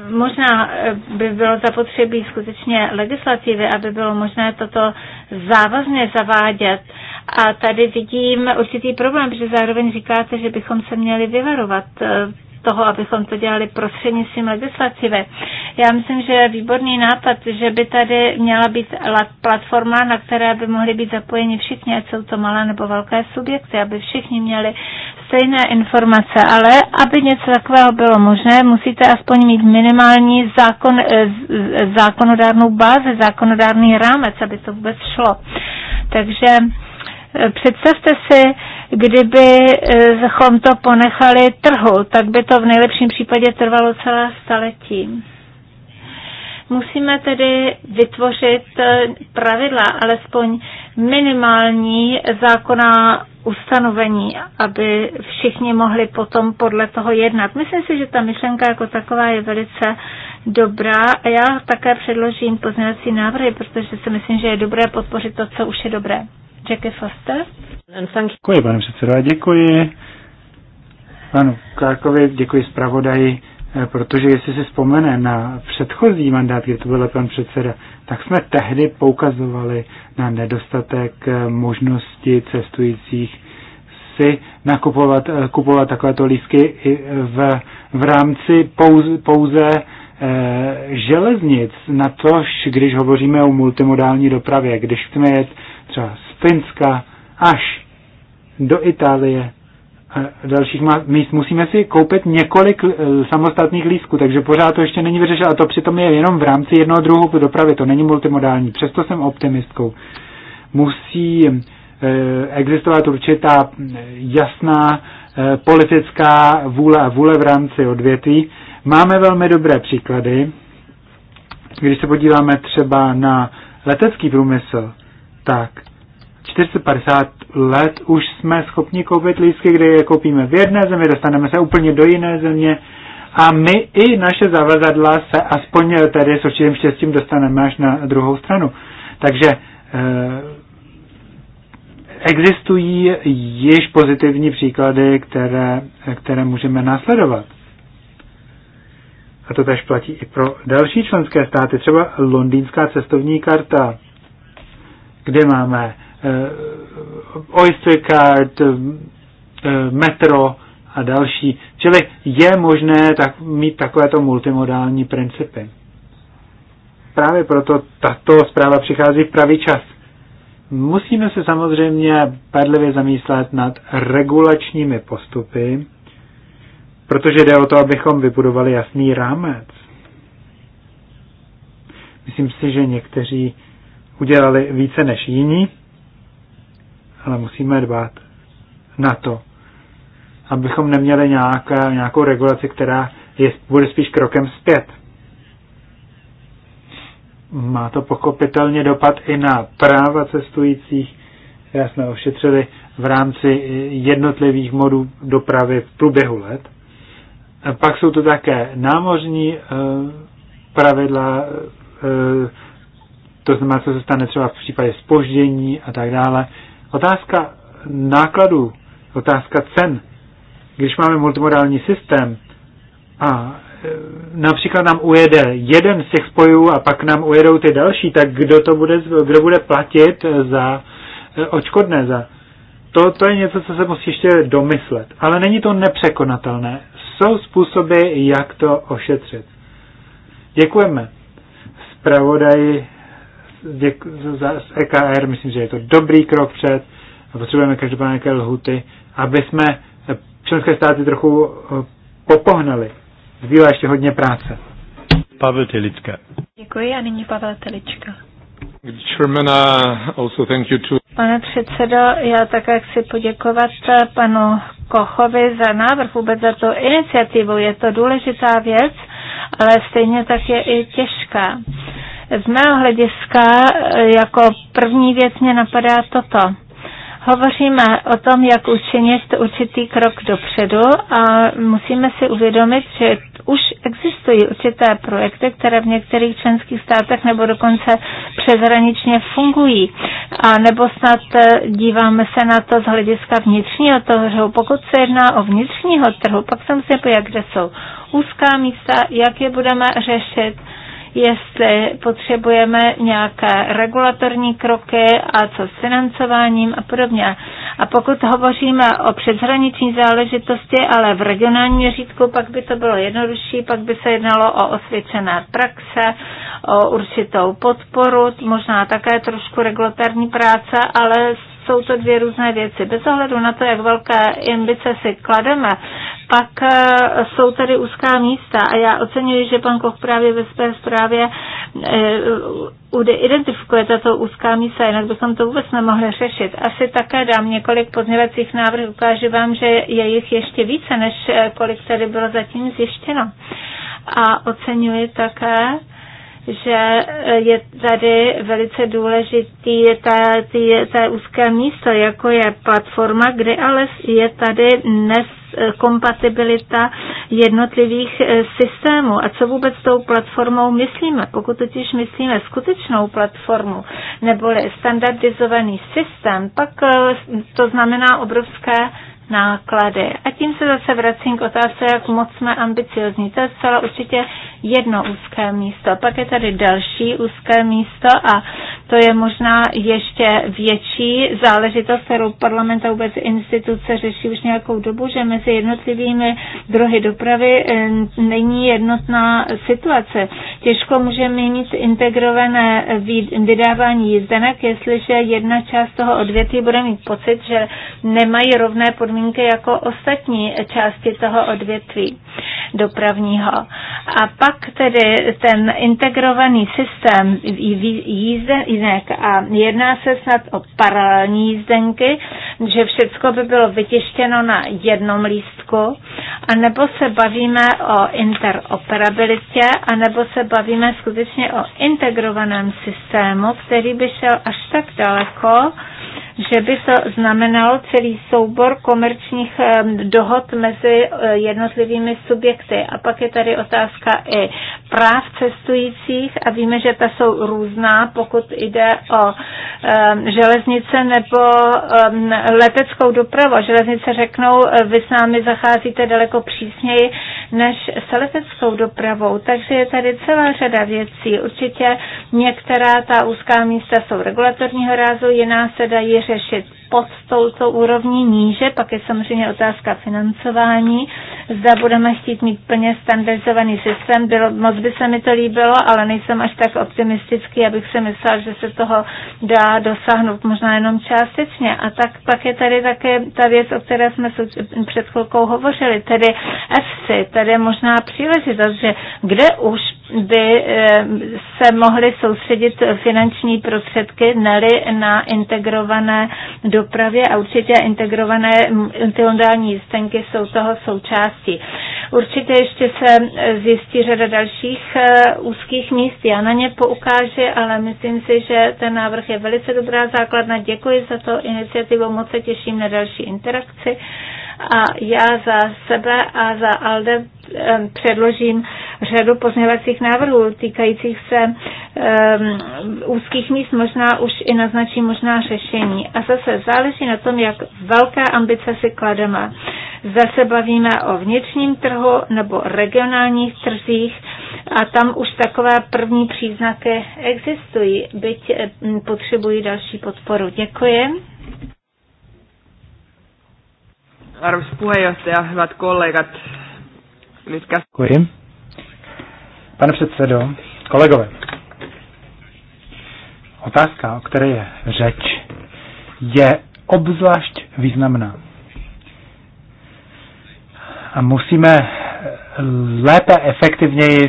možná eh, by bylo zapotřebí skutečně legislativy, aby bylo možné toto závazně zavádět. A tady vidím určitý problém, že zároveň říkáte, že bychom se měli vyvarovat eh, toho, abychom to dělali prostřednictvím legislativy. Já myslím, že je výborný nápad, že by tady měla být platforma, na které by mohli být zapojeni všichni, ať jsou to malé nebo velké subjekty, aby všichni měli stejné informace, ale aby něco takového bylo možné, musíte aspoň mít minimální zákon, eh, zákonodárnou bázi, zákonodárný rámec, aby to vůbec šlo. Takže eh, představte si, Kdybychom e, to ponechali trhu, tak by to v nejlepším případě trvalo celé staletí. Musíme tedy vytvořit e, pravidla, alespoň minimální zákona ustanovení, aby všichni mohli potom podle toho jednat. Myslím si, že ta myšlenka jako taková je velice dobrá a já také předložím pozměňovací návrhy, protože si myslím, že je dobré podpořit to, co už je dobré. Jackie Foster. Děkuji, pane předsedo, děkuji panu Klárkovi, děkuji zpravodaji, eh, protože jestli si vzpomene na předchozí mandát, kdy to byl pan předseda, tak jsme tehdy poukazovali na nedostatek eh, možnosti cestujících si nakupovat eh, kupovat takovéto lístky v, v rámci pouze, pouze železnic, na tož, když hovoříme o multimodální dopravě, když chceme jet třeba z Finska až do Itálie a dalších míst, musíme si koupit několik eh, samostatných lístků, takže pořád to ještě není vyřešeno a to přitom je jenom v rámci jednoho druhu dopravy, to není multimodální, přesto jsem optimistkou. Musí eh, existovat určitá eh, jasná politická vůle a vůle v rámci odvětví. Máme velmi dobré příklady. Když se podíváme třeba na letecký průmysl, tak 450 let už jsme schopni koupit lístky, kde je koupíme v jedné zemi, dostaneme se úplně do jiné země a my i naše zavazadla se aspoň tedy s určitým štěstím dostaneme až na druhou stranu. Takže eh, existují již pozitivní příklady, které, které můžeme následovat. A to tež platí i pro další členské státy, třeba londýnská cestovní karta kde máme eh, Oyster Card, eh, metro a další. Čili je možné tak, mít takovéto multimodální principy. Právě proto tato zpráva přichází v pravý čas. Musíme se samozřejmě pedlivě zamýšlet nad regulačními postupy, protože jde o to, abychom vybudovali jasný rámec. Myslím si, že někteří udělali více než jiní, ale musíme dbát na to, abychom neměli nějaká, nějakou regulaci, která je, bude spíš krokem zpět. Má to pochopitelně dopad i na práva cestujících, která jsme ošetřili v rámci jednotlivých modů dopravy v průběhu let. Pak jsou to také námořní eh, pravidla, eh, to znamená, co se stane třeba v případě spoždění a tak dále. Otázka nákladů, otázka cen. Když máme multimodální systém a e, například nám ujede jeden z těch spojů a pak nám ujedou ty další, tak kdo to bude, kdo bude platit za e, očkodné za. To, to je něco, co se musí ještě domyslet. Ale není to nepřekonatelné. Jsou způsoby, jak to ošetřit. Děkujeme Zpravodaj děku, za EKR, myslím, že je to dobrý krok před a potřebujeme každopádně nějaké lhuty, aby jsme členské státy trochu eh, popohnali. Zbývá ještě hodně práce. Pavel Telička. Děkuji a nyní Pavel Telička. Uh, Pane předsedo, já také chci poděkovat eh, panu Kochovi za návrh, vůbec za tu iniciativu. Je to důležitá věc, ale stejně tak je i těžká. Z mého hlediska e, jako první věc mě napadá toto. Hovoříme o tom, jak učinit určitý krok dopředu a musíme si uvědomit, že už existují určité projekty, které v některých členských státech nebo dokonce přeshraničně fungují. A nebo snad e, díváme se na to z hlediska vnitřního trhu. Pokud se jedná o vnitřního trhu, pak se musíme pojít, kde jsou úzká místa, jak je budeme řešit jestli potřebujeme nějaké regulatorní kroky a co s financováním a podobně. A pokud hovoříme o předhraniční záležitosti, ale v regionálním měřítku, pak by to bylo jednodušší, pak by se jednalo o osvědčené praxe, o určitou podporu, možná také trošku regulatorní práce, ale jsou to dvě různé věci. Bez ohledu na to, jak velké ambice si klademe, pak eh, jsou tady úzká místa a já oceňuji, že pan Koch právě ve své zprávě eh, identifikuje tato úzká místa, jinak bychom to vůbec nemohli řešit. Asi také dám několik pozměvacích návrhů, ukážu vám, že je jich ještě více, než eh, kolik tady bylo zatím zjištěno. A oceňuji také že eh, je tady velice důležitý ta ty, ta úzké místo, jako je platforma, kde ale je tady neskompatibilita kompatibilita jednotlivých eh, systémů. A co vůbec tou platformou myslíme? Pokud totiž myslíme skutečnou platformu nebo standardizovaný systém, pak eh, to znamená obrovské náklady. A tím se zase vracím k otázce, jak moc jsme ambiciozní. To je zcela určitě jedno úzké místo. Pak je tady další úzké místo a to je možná ještě větší záležitost, kterou parlament a vůbec instituce řeší už nějakou dobu, že mezi jednotlivými druhy dopravy eh, není jednotná situace. Těžko můžeme mít integrované eh, vydávání jízdenek, jestliže jedna část toho odvětví bude mít pocit, že nemají rovné podmínky jako ostatní části toho odvětví dopravního. A pak pak tedy ten integrovaný systém jízdenek a jedná se snad o paralelní jízdenky, že všechno by bylo vytištěno na jednom lístku, a nebo se bavíme o interoperabilitě, a nebo se bavíme skutečně o integrovaném systému, který by šel až tak daleko, že by to znamenalo celý soubor komerčních eh, dohod mezi eh, jednotlivými subjekty. A pak je tady otázka i práv cestujících a víme, že ta jsou různá, pokud jde o um, železnice nebo um, leteckou dopravu. Železnice řeknou, vy s námi zacházíte daleko přísněji než s leteckou dopravou, takže je tady celá řada věcí. Určitě některá ta úzká místa jsou regulatorního rázu, jiná se dají řešit pod touto úrovní níže, pak je samozřejmě otázka financování. Zda budeme chtít mít plně standardizovaný systém, bylo, moc by se mi to líbilo, ale nejsem až tak optimistický, abych si myslel, že se toho dá dosáhnout možná jenom částečně. A tak pak je tady také ta věc, o které jsme před chvilkou hovořili, tedy EFSI, tedy možná příležitost, že kde už by eh, se mohly soustředit finanční prostředky neli na integrované dopravě a určitě integrované multimodální jízdenky jsou toho součástí. Určitě ještě se zjistí řada dalších eh, úzkých míst, já na ně poukážu, ale myslím si, že ten návrh je velice dobrá základna. Děkuji za to iniciativu, moc se těším na další interakci a já za sebe a za ALDE Eh, předložím řadu pozměňovacích návrhů týkajících se um, úzkých míst, možná už i naznačí možná řešení. A zase záleží na tom, jak velké ambice si klademe. Zase bavíme o vnitřním trhu nebo regionálních trzích a tam už takové první příznaky existují, byť eh, potřebují další podporu. Děkuji. Arvoisa puheenjohtaja, hyvät kollegat, Lidka. Děkuji. Pane předsedo, kolegové, otázka, o které je řeč, je obzvlášť významná. A musíme lépe, efektivněji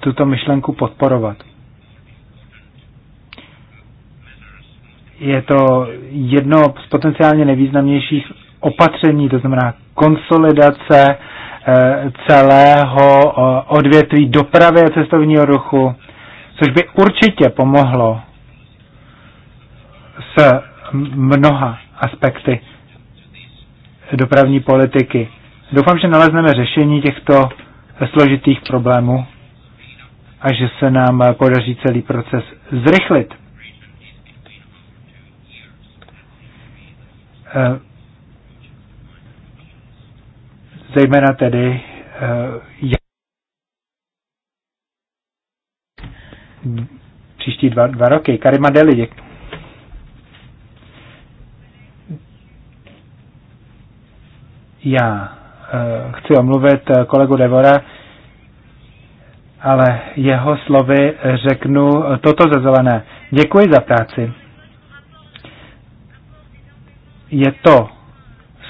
tuto myšlenku podporovat. Je to jedno z potenciálně nejvýznamnějších opatření, to znamená konsolidace celého eh, odvětví dopravy a cestovního ruchu, což by určitě pomohlo s mnoha aspekty dopravní politiky. Doufám, že nalezneme řešení těchto složitých problémů a že se nám podaří celý proces zrychlit. Eh, zejména tedy eh, příští dva, dva roky. Karima Deli, děkuji. Já eh, chci omluvit eh, kolegu Devora, ale jeho slovy řeknu toto za zelené. Děkuji za práci. Je to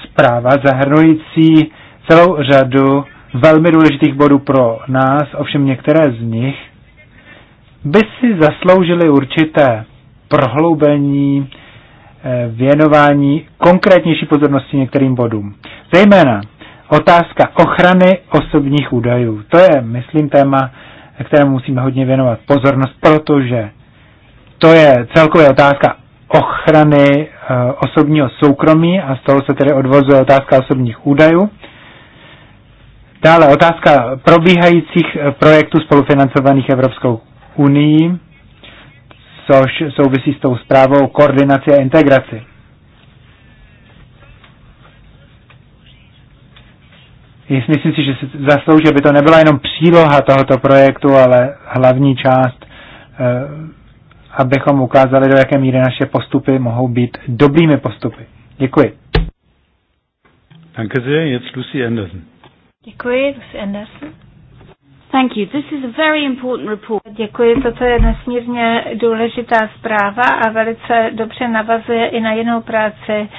zpráva zahrnující celou řadu velmi důležitých bodů pro nás, ovšem některé z nich by si zasloužily určité prohloubení, eh, věnování konkrétnější pozornosti některým bodům. Zejména otázka ochrany osobních údajů. To je, myslím, téma, kterému musíme hodně věnovat pozornost, protože to je celkově otázka ochrany eh, osobního soukromí a z toho se tedy odvozuje otázka osobních údajů. Dále otázka probíhajících eh, projektů spolufinancovaných Evropskou unii, což souvisí s tou zprávou koordinace a integraci. Myslím si, že se zaslouží, aby to nebyla jenom příloha tohoto projektu, ale hlavní část, eh, abychom ukázali, do jaké míry naše postupy mohou být dobrými postupy. Děkuji. Danke sehr, jetzt Lucy Anderson. Děkuji, to je Anderson. Thank you. This is a very important report. Děkuji, toto je nesmírně důležitá zpráva a velice dobře navazuje i na jinou práci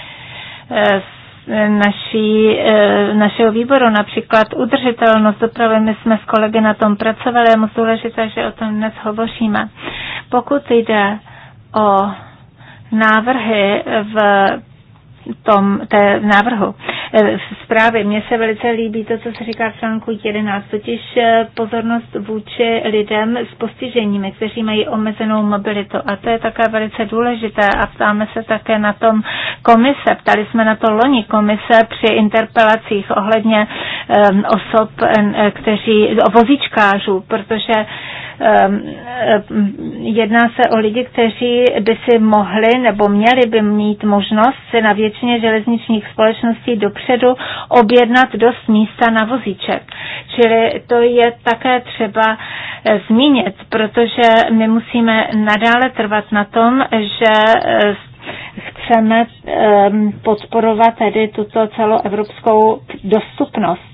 eh, naší, eh, našeho výboru, například udržitelnost dopravy. My jsme s kolegy na tom pracovali, je moc důležité, že o tom dnes hovoříme. Pokud jde o návrhy v tom té návrhu. Eh, v zprávě Mně se velice líbí to, co se říká v článku 11, totiž eh, pozornost vůči lidem s postiženími, kteří mají omezenou mobilitu. A to je také velice důležité a ptáme se také na tom komise. Ptali jsme na to loni komise při interpelacích ohledně eh, osob, kteří, vozíčkářů, protože Ehm, ehm, jedná se o lidi, kteří by si mohli nebo měli by mít možnost se na většině železničních společností dopředu objednat dost místa na vozíček. Čili to je také třeba eh, zmínit, protože my musíme nadále trvat na tom, že eh, chceme ehm, podporovat tedy tuto celoevropskou dostupnost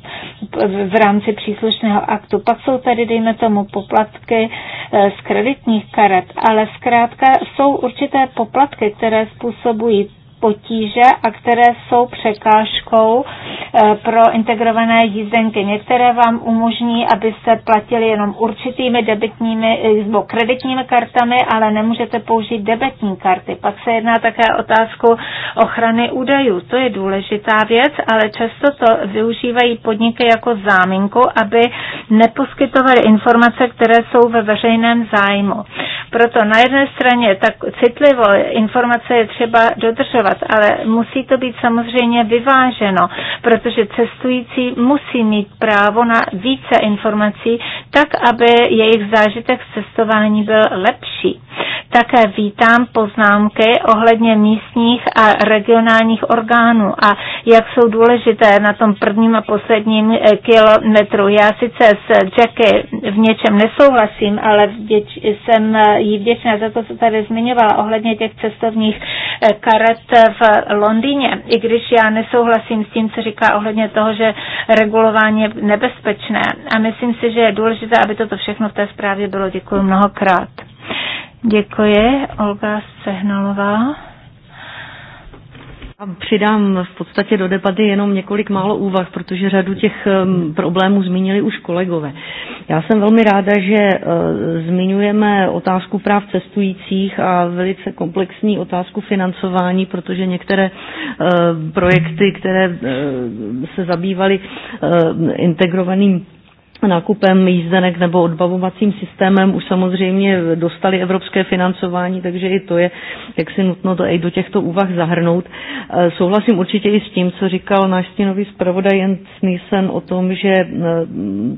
v rámci příslušného aktu. Pak jsou tady, dejme tomu, poplatky eh, z kreditních karet, ale zkrátka jsou určité poplatky, které způsobují potíže a které jsou překážkou eh, pro integrované jízdenky. Některé vám umožní, abyste platili jenom určitými debitními eh, nebo kreditními kartami, ale nemůžete použít debitní karty. Pak se jedná také otázku ochrany údajů. To je důležitá věc, ale často to využívají podniky jako záminku, aby neposkytovaly informace, které jsou ve veřejném zájmu. Proto na jedné straně tak citlivo informace je třeba dodržovat, dělat, ale musí to být samozřejmě vyváženo, protože cestující musí mít právo na více informací, tak aby jejich zážitek z cestování byl lepší. Také vítám poznámky ohledně místních a regionálních orgánů a jak jsou důležité na tom prvním a posledním eh, kilometru. Já sice s Jackie v něčem nesouhlasím, ale vděč, jsem eh, jí vděčná za to, co tady zmiňovala ohledně těch cestovních eh, karet v Londýně. I když já nesouhlasím s tím, co říká ohledně toho, že regulování je nebezpečné. A myslím si, že je důležité, aby toto všechno v té zprávě bylo. Děkuji mnohokrát. Děkuji, Olga Sehnalová. Přidám v podstatě do debaty jenom několik málo úvah, protože řadu těch problémů zmínili už kolegové. Já jsem velmi ráda, že eh, zmiňujeme otázku práv cestujících a velice komplexní otázku financování, protože některé eh, projekty, které eh, se zabývaly integrovaným nákupem jízdenek nebo odbavovacím systémem už samozřejmě dostali evropské financování, takže i to je, jak si nutno to i do těchto úvah zahrnout. E, souhlasím určitě i s tím, co říkal náš stínový zpravodaj Jens o tom, že e,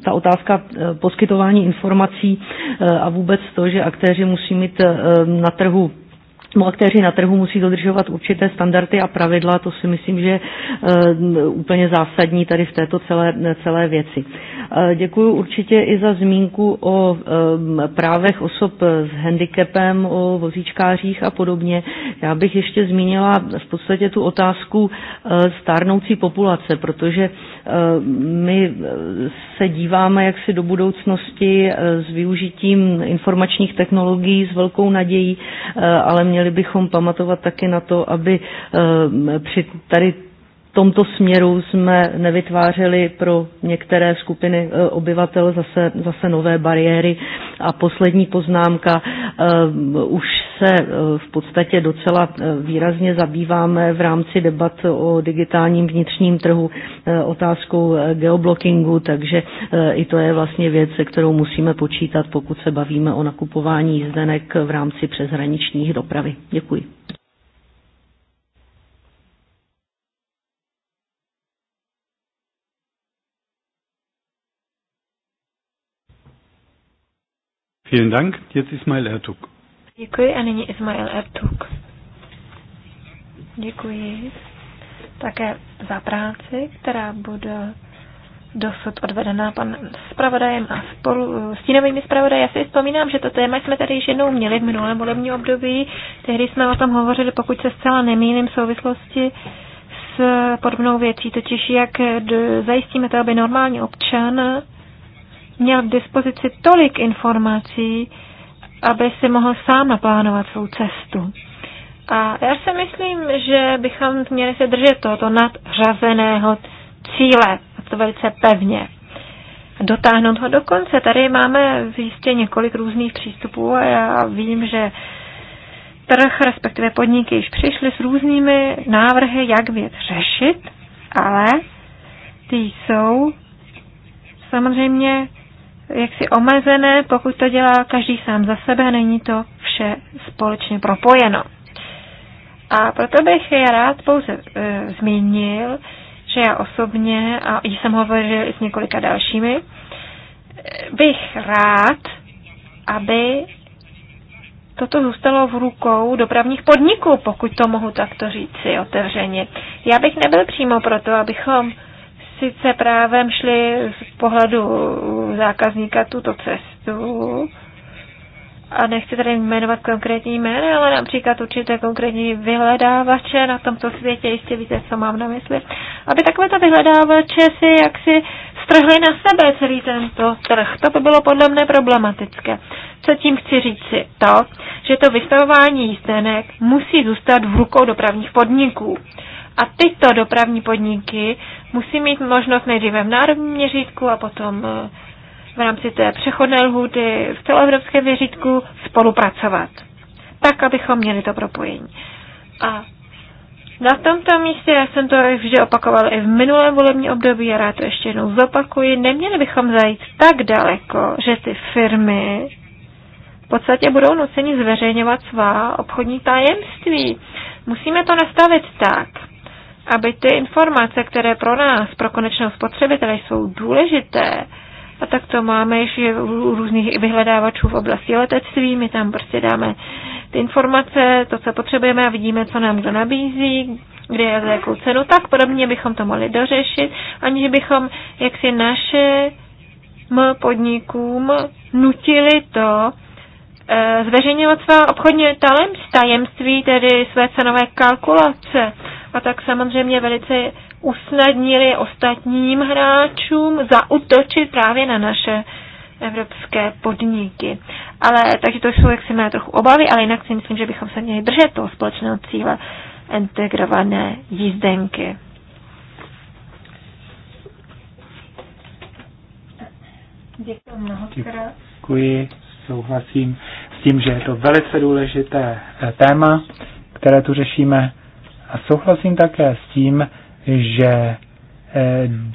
ta otázka e, poskytování informací a vůbec to, že aktéři musí mít na trhu No, aktéři na trhu musí dodržovat určité standardy a pravidla, to si myslím, že je úplně zásadní tady v této celé, celé věci. Eh, Děkuji určitě i za zmínku o eh, právech osob s handicapem, o vozíčkářích a podobně. Já bych ještě zmínila v podstatě tu otázku eh, stárnoucí populace, protože my se díváme jaksi do budoucnosti s využitím informačních technologií s velkou nadějí, ale měli bychom pamatovat taky na to, aby při tady tomto směru jsme nevytvářeli pro některé skupiny eh, obyvatel zase, zase nové bariéry. A poslední poznámka, eh, už se eh, v podstatě docela výrazně zabýváme v rámci debat o digitálním vnitřním trhu otázkou geoblockingu, takže i to je vlastně věc, se kterou musíme počítat, pokud se bavíme o nakupování jízdenek v rámci přeshraničních dopravy. Děkuji. Vielen Dank. Jetzt Ismail Ertug. Děkuji a nyní Ismail Ertug. Děkuji také za práci, která bude dosud odvedená pan zpravodajem a spolu eh, tínovými zpravodaji. Já si vzpomínám, že to téma jsme tady již jednou měli v minulém volebním období. Tehdy jsme o tom hovořili, pokud se zcela nemýlím, v souvislosti s podobnou věcí, totiž jak zajistíme to, aby normální občan měl v dispozici tolik informací, aby si mohl sám naplánovat svou cestu. A já si myslím, že bychom měli se držet tohoto nadřazeného cíle, a to velice pevně. Dotáhnout ho do konce. Tady máme jistě několik různých přístupů a já vím, že trh, respektive podniky již přišly s různými návrhy, jak věc řešit, ale ty jsou samozřejmě jaksi omezené, pokud to dělá každý sám za sebe, není to vše společně propojeno. A proto bych je rád pouze e, zmínil, že já osobně, a jsem hovořil i s několika dalšími, e, bych rád, aby toto zůstalo v rukou dopravních podniků, pokud to mohu takto říci otevřeně. Já bych nebyl přímo proto, abychom sice právem šli z pohledu zákazníka tuto cestu, a nechci tady jmenovat konkrétní jmény, ale například určité konkrétní vyhledávače na tomto světě, jistě víte, co mám na mysli, aby takovéto vyhledávače si jaksi strhli na sebe celý tento trh. To by bylo podle mne problematické. Co tím chci říci? To, že to vystavování jízdenek musí zůstat v rukou dopravních podniků. A tyto dopravní podniky musí mít možnost nejdříve v národním měřítku a potom eh, v rámci té přechodné lhůty v celoevropském měřítku spolupracovat. Tak, abychom měli to propojení. A na tomto místě, já jsem to vždy opakoval i v minulém volebním období, a rád to ještě jednou zopakuji, neměli bychom zajít tak daleko, že ty firmy v podstatě budou nuceni zveřejňovat svá obchodní tajemství. Musíme to nastavit tak, aby ty informace, které pro nás, pro konečného spotřebitele, jsou důležité, a tak to máme ještě u různých vyhledávačů v oblasti letectví, my tam prostě dáme ty informace, to, co potřebujeme a vidíme, co nám kdo nabízí, kde je za jakou cenu, tak podobně bychom to mohli dořešit, aniž bychom jaksi naše m podnikům nutili to, eh, zveřejňovat své obchodní tajemství, tedy své cenové kalkulace a tak samozřejmě velice usnadnili ostatním hráčům zautočit právě na naše evropské podniky. Ale, takže to jsou jaksi mé trochu obavy, ale jinak si myslím, že bychom se měli držet toho společného cíle integrované jízdenky. Děkuji mnohokrát. Děkuji, souhlasím s tím, že je to velice důležité téma, které tu řešíme. A souhlasím také s tím, že eh,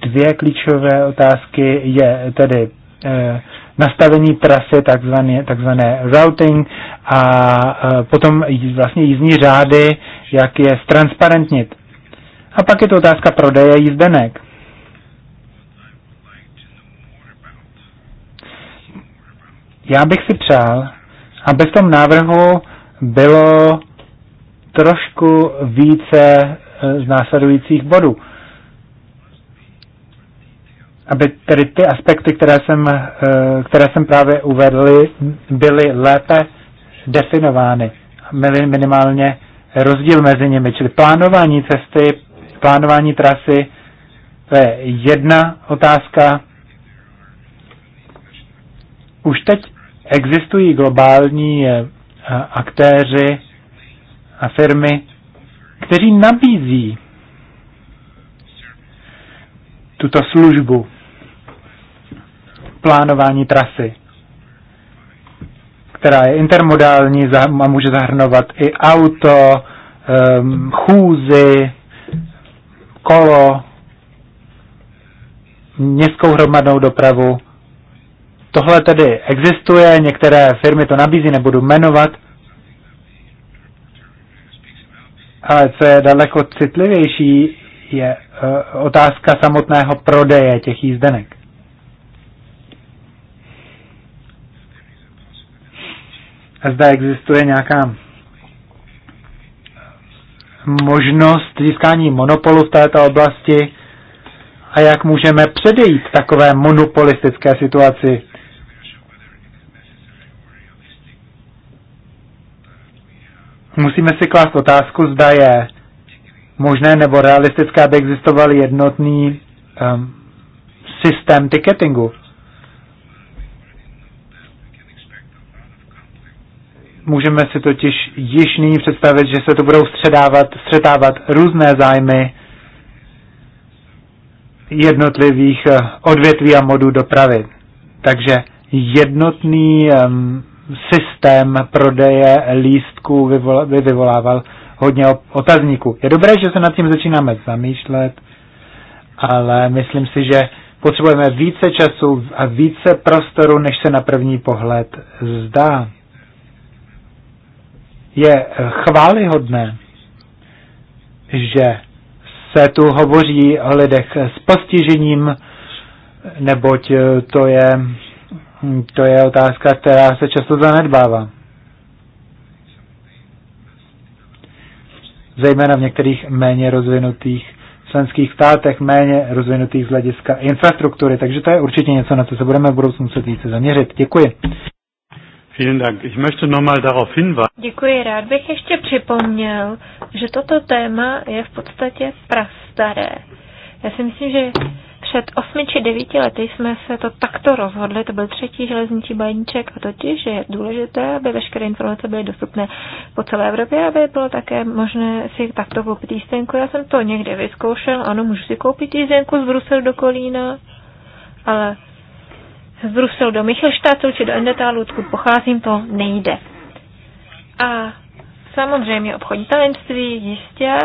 dvě klíčové otázky je tedy eh, nastavení trasy, takzvané, takzvané routing a eh, potom vlastně jízdní řády, jak je ztransparentnit. A pak je to otázka prodeje jízdenek. Já bych si přál, aby v tom návrhu bylo trošku více eh, z následujících bodů. Aby tedy ty aspekty, které jsem, eh, které jsem právě uvedl, byly lépe definovány. Byly minimálně rozdíl mezi nimi, čili plánování cesty, plánování trasy, to je jedna otázka. Už teď existují globální eh, aktéři, a firmy, kteří nabízí tuto službu plánování trasy, která je intermodální a může zahrnovat i auto, ehm, chůzy, kolo, městskou hromadnou dopravu. Tohle tedy existuje, některé firmy to nabízí, nebudu jmenovat, Ale co je daleko citlivější, je eh, otázka samotného prodeje těch jízdenek. A zda existuje nějaká možnost získání monopolu v této oblasti a jak můžeme předejít takové monopolistické situaci musíme si klást otázku, zda je možné nebo realistické, aby existoval jednotný um, systém ticketingu. Můžeme si totiž již nyní představit, že se to budou středávat, střetávat různé zájmy jednotlivých eh, odvětví a modů dopravy. Takže jednotný um, systém prodeje lístků by vyvolával hodně otazníků. Je dobré, že se nad tím začínáme zamýšlet, ale myslím si, že potřebujeme více času a více prostoru, než se na první pohled zdá. Je chválihodné, že se tu hovoří o lidech s postižením, neboť to je Hm, to je otázka, která se často zanedbává. Zejména v některých méně rozvinutých členských státech, méně rozvinutých z hlediska infrastruktury. Takže to je určitě něco, na co se budeme v budoucnu muset více zaměřit. Děkuji. Vielen Dank. Ich möchte nochmal darauf hinweisen. Děkuji, rád bych ještě připomněl, že toto téma je v podstatě prastaré. Já si myslím, že před osmi či devíti lety jsme se to takto rozhodli, to byl třetí železniční balíček, a totiž že je důležité, aby veškeré informace byly dostupné po celé Evropě, aby bylo také možné si takto koupit jízdenku. Já jsem to někde vyzkoušel, ano, můžu si koupit jízdenku z Bruselu do Kolína, ale z Bruselu do Michelštátu či do Endetálu, odkud pocházím, to nejde. A samozřejmě obchodní tajemství, jistě,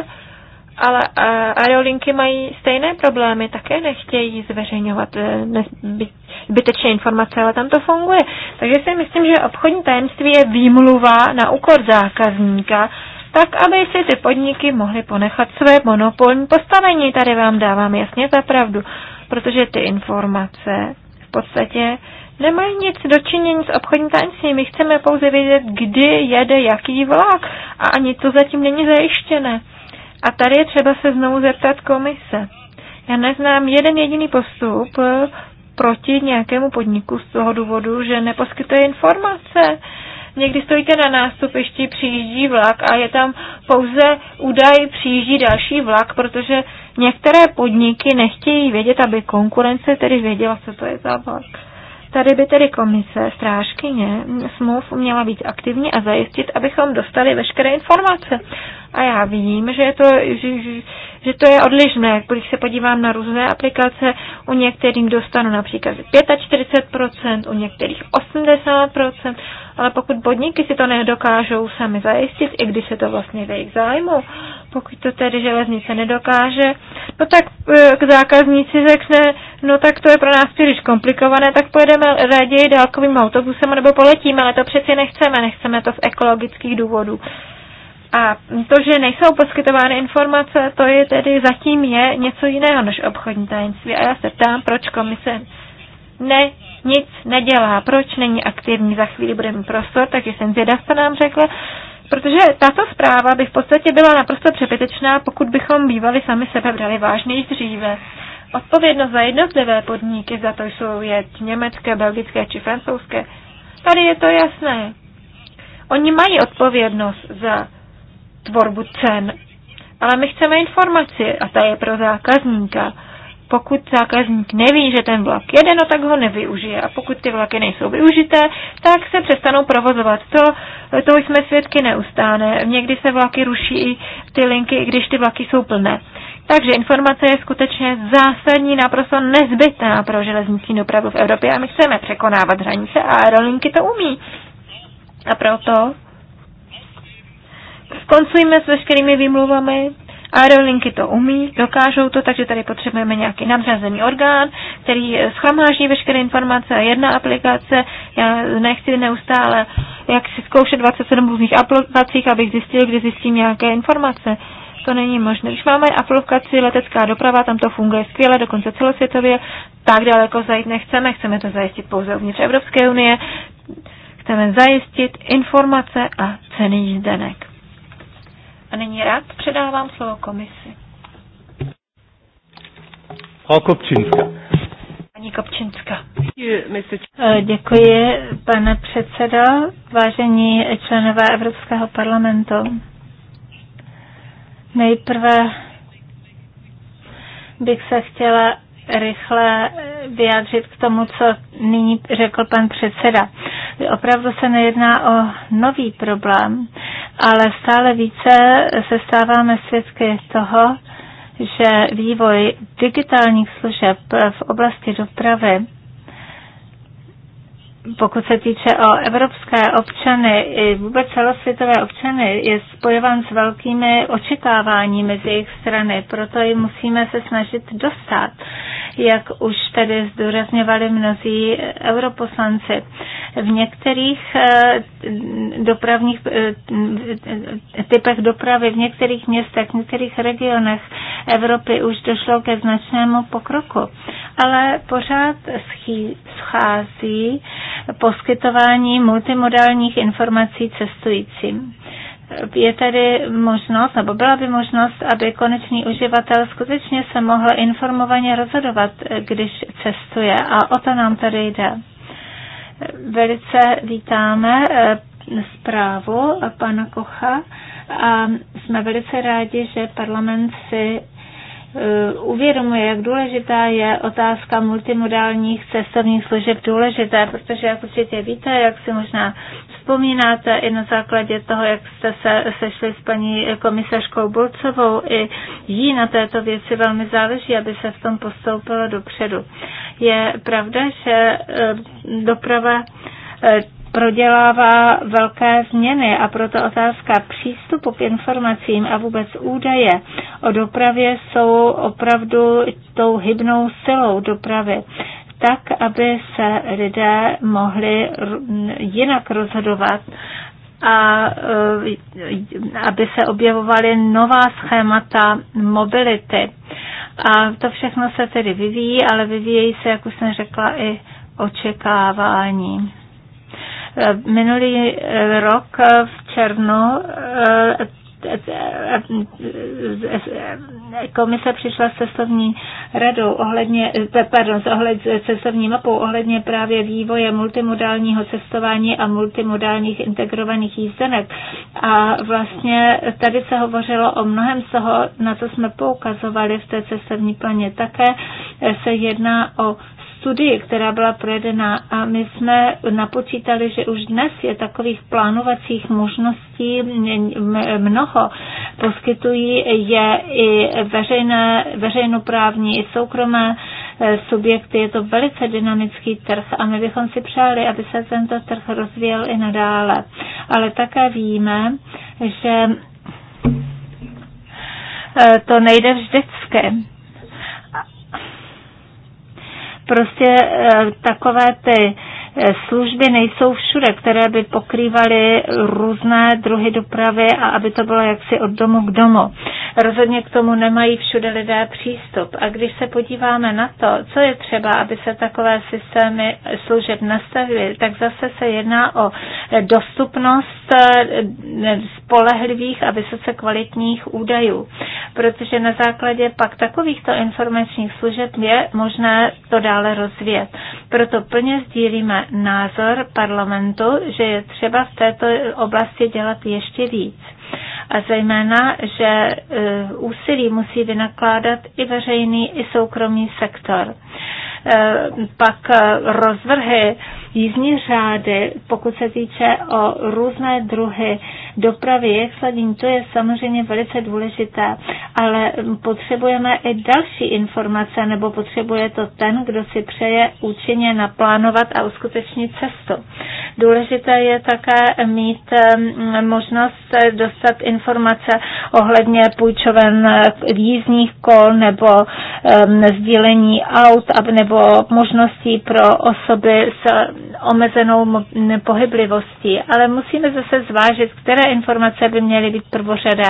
ale eh, aerolinky mají stejné problémy, také nechtějí zveřejňovat eh, zbytečné informace, ale tam to funguje. Takže si myslím, že obchodní tajemství je výmluva na úkor zákazníka, tak aby si ty podniky mohly ponechat své monopolní postavení. Tady vám dávám jasně za pravdu, protože ty informace v podstatě nemají nic dočinění s obchodní tajemstvím. My chceme pouze vědět, kdy jede jaký vlak a ani to zatím není zajištěné. A tady je třeba se znovu zeptat komise. Já neznám jeden jediný postup eh, proti nějakému podniku z toho důvodu, že neposkytuje informace. Někdy stojíte na nástupišti, přijíždí vlak a je tam pouze údaj, přijíždí další vlak, protože některé podniky nechtějí vědět, aby konkurence tedy věděla, co to je za vlak. Tady by tedy komise, strážkyně smluv měla být aktivní a zajistit, abychom dostali veškeré informace. A já vím, že, je to, že, že to je odlišné. Když se podívám na různé aplikace, u některým dostanu například 45%, u některých 80%, ale pokud podniky si to nedokážou sami zajistit, i když se to vlastně v jejich zájmu, pokud to tedy železnice nedokáže, no tak e, k zákazníci řekne, no tak to je pro nás příliš komplikované, tak pojedeme raději dálkovým autobusem nebo poletíme, ale to přeci nechceme, nechceme to z ekologických důvodů. A to, že nejsou poskytovány informace, to je tedy zatím je něco jiného než obchodní tajemství. A já se ptám, proč komise ne, nic nedělá, proč není aktivní, za chvíli bude mít prostor, takže jsem zvědav, co nám řekla. Protože tato zpráva by v podstatě byla naprosto přepitečná, pokud bychom bývali sami sebe brali vážně již dříve. Odpovědnost za jednotlivé podniky, za to jsou je německé, belgické či francouzské, tady je to jasné. Oni mají odpovědnost za tvorbu cen. Ale my chceme informaci a ta je pro zákazníka. Pokud zákazník neví, že ten vlak jede, no tak ho nevyužije. A pokud ty vlaky nejsou využité, tak se přestanou provozovat. To, to jsme svědky neustále. Někdy se vlaky ruší i ty linky, i když ty vlaky jsou plné. Takže informace je skutečně zásadní, naprosto nezbytná pro železniční dopravu v Evropě a my chceme překonávat hranice a aerolinky to umí. A proto skoncujme s veškerými výmluvami. Aerolinky to umí, dokážou to, takže tady potřebujeme nějaký nadřazený orgán, který schromáží veškeré informace a jedna aplikace. Já nechci neustále jak si zkoušet 27 různých aplikací, abych zjistil, kdy zjistím nějaké informace. To není možné. Když máme aplikaci letecká doprava, tam to funguje skvěle, dokonce celosvětově, tak daleko zajít nechceme, chceme to zajistit pouze uvnitř Evropské unie, chceme zajistit informace a ceny jízdenek. A nyní rád předávám slovo komisi. A Kopčinska. Paní Kopčinska. Eh, děkuji, pane předsedo, vážení členové Evropského parlamentu. Nejprve bych se chtěla rychle vyjádřit k tomu, co nyní řekl pan předseda. Opravdu se nejedná o nový problém ale stále více se stáváme svědky toho, že vývoj digitálních služeb v oblasti dopravy pokud se týče o evropské občany, i vůbec celosvětové občany, je spojován s velkými očekáváními z jejich strany, proto ji musíme se snažit dostat, jak už tady zdůrazňovali mnozí europoslanci. V některých eh, dopravních eh, eh, typech dopravy, v některých městech, v některých regionech Evropy už došlo ke značnému pokroku ale pořád schází poskytování multimodálních informací cestujícím je tady možnost, nebo byla by možnost, aby konečný uživatel skutečně se mohl informovaně rozhodovat, když cestuje. A o to nám tady jde. Velice vítáme eh, zprávu pana Kocha a jsme velice rádi, že parlament si Eh, uvědomuje, jak důležitá je otázka multimodálních cestovních služeb důležité, protože jak určitě víte, jak si možná vzpomínáte i na základě toho, jak jste se sešli s paní komisařkou Bolcovou, i jí na této věci velmi záleží, aby se v tom postoupilo dopředu. Je pravda, že eh, doprava eh, prodělává velké změny a proto otázka přístupu k informacím a vůbec údaje o dopravě jsou opravdu tou hybnou silou dopravy tak, aby se lidé mohli jinak rozhodovat a e, aby se objevovaly nová schémata mobility. A to všechno se tedy vyvíjí, ale vyvíjí se, jak už jsem řekla, i očekávání. Eh, minulý eh, rok eh, v červnu komise přišla s cestovní radou ohledně, pardon, ohled, cestovní mapou ohledně právě vývoje multimodálního cestování a multimodálních integrovaných jízdenek. A vlastně tady se hovořilo o mnohem z toho, na co jsme poukazovali v té cestovní plně. Také se jedná o studii, která byla projedena a my jsme napočítali, že už dnes je takových plánovacích možností mnoho. Poskytují je i veřejné, veřejnoprávní, i soukromé eh, subjekty. Je to velice dynamický trh a my bychom si přáli, aby se tento trh rozvíjel i nadále. Ale také víme, že eh, to nejde vždycky Prostě e, takové ty e, služby nejsou všude, které by pokrývaly různé druhy dopravy a aby to bylo jaksi od domu k domu. Rozhodně k tomu nemají všude lidé přístup. A když se podíváme na to, co je třeba, aby se takové systémy služeb nastavily, tak zase se jedná o dostupnost e, spolehlivých a vysoce kvalitních údajů protože na základě pak takovýchto informačních služeb je možné to dále rozvíjet. Proto plně sdílíme názor parlamentu, že je třeba v této oblasti dělat ještě víc. A zejména, že e, úsilí musí vynakládat i veřejný, i soukromý sektor e, pak e, rozvrhy jízdní řády, pokud se týče o různé druhy dopravy, je sladění, to je samozřejmě velice důležité, ale potřebujeme i další informace, nebo potřebuje to ten, kdo si přeje účinně naplánovat a uskutečnit cestu. Důležité je také mít možnost dostat informace ohledně půjčoven eh, jízdních kol nebo sdílení aut nebo možností pro osoby s omezenou pohyblivostí. Ale musíme zase zvážit, které informace by měly být prvořadé.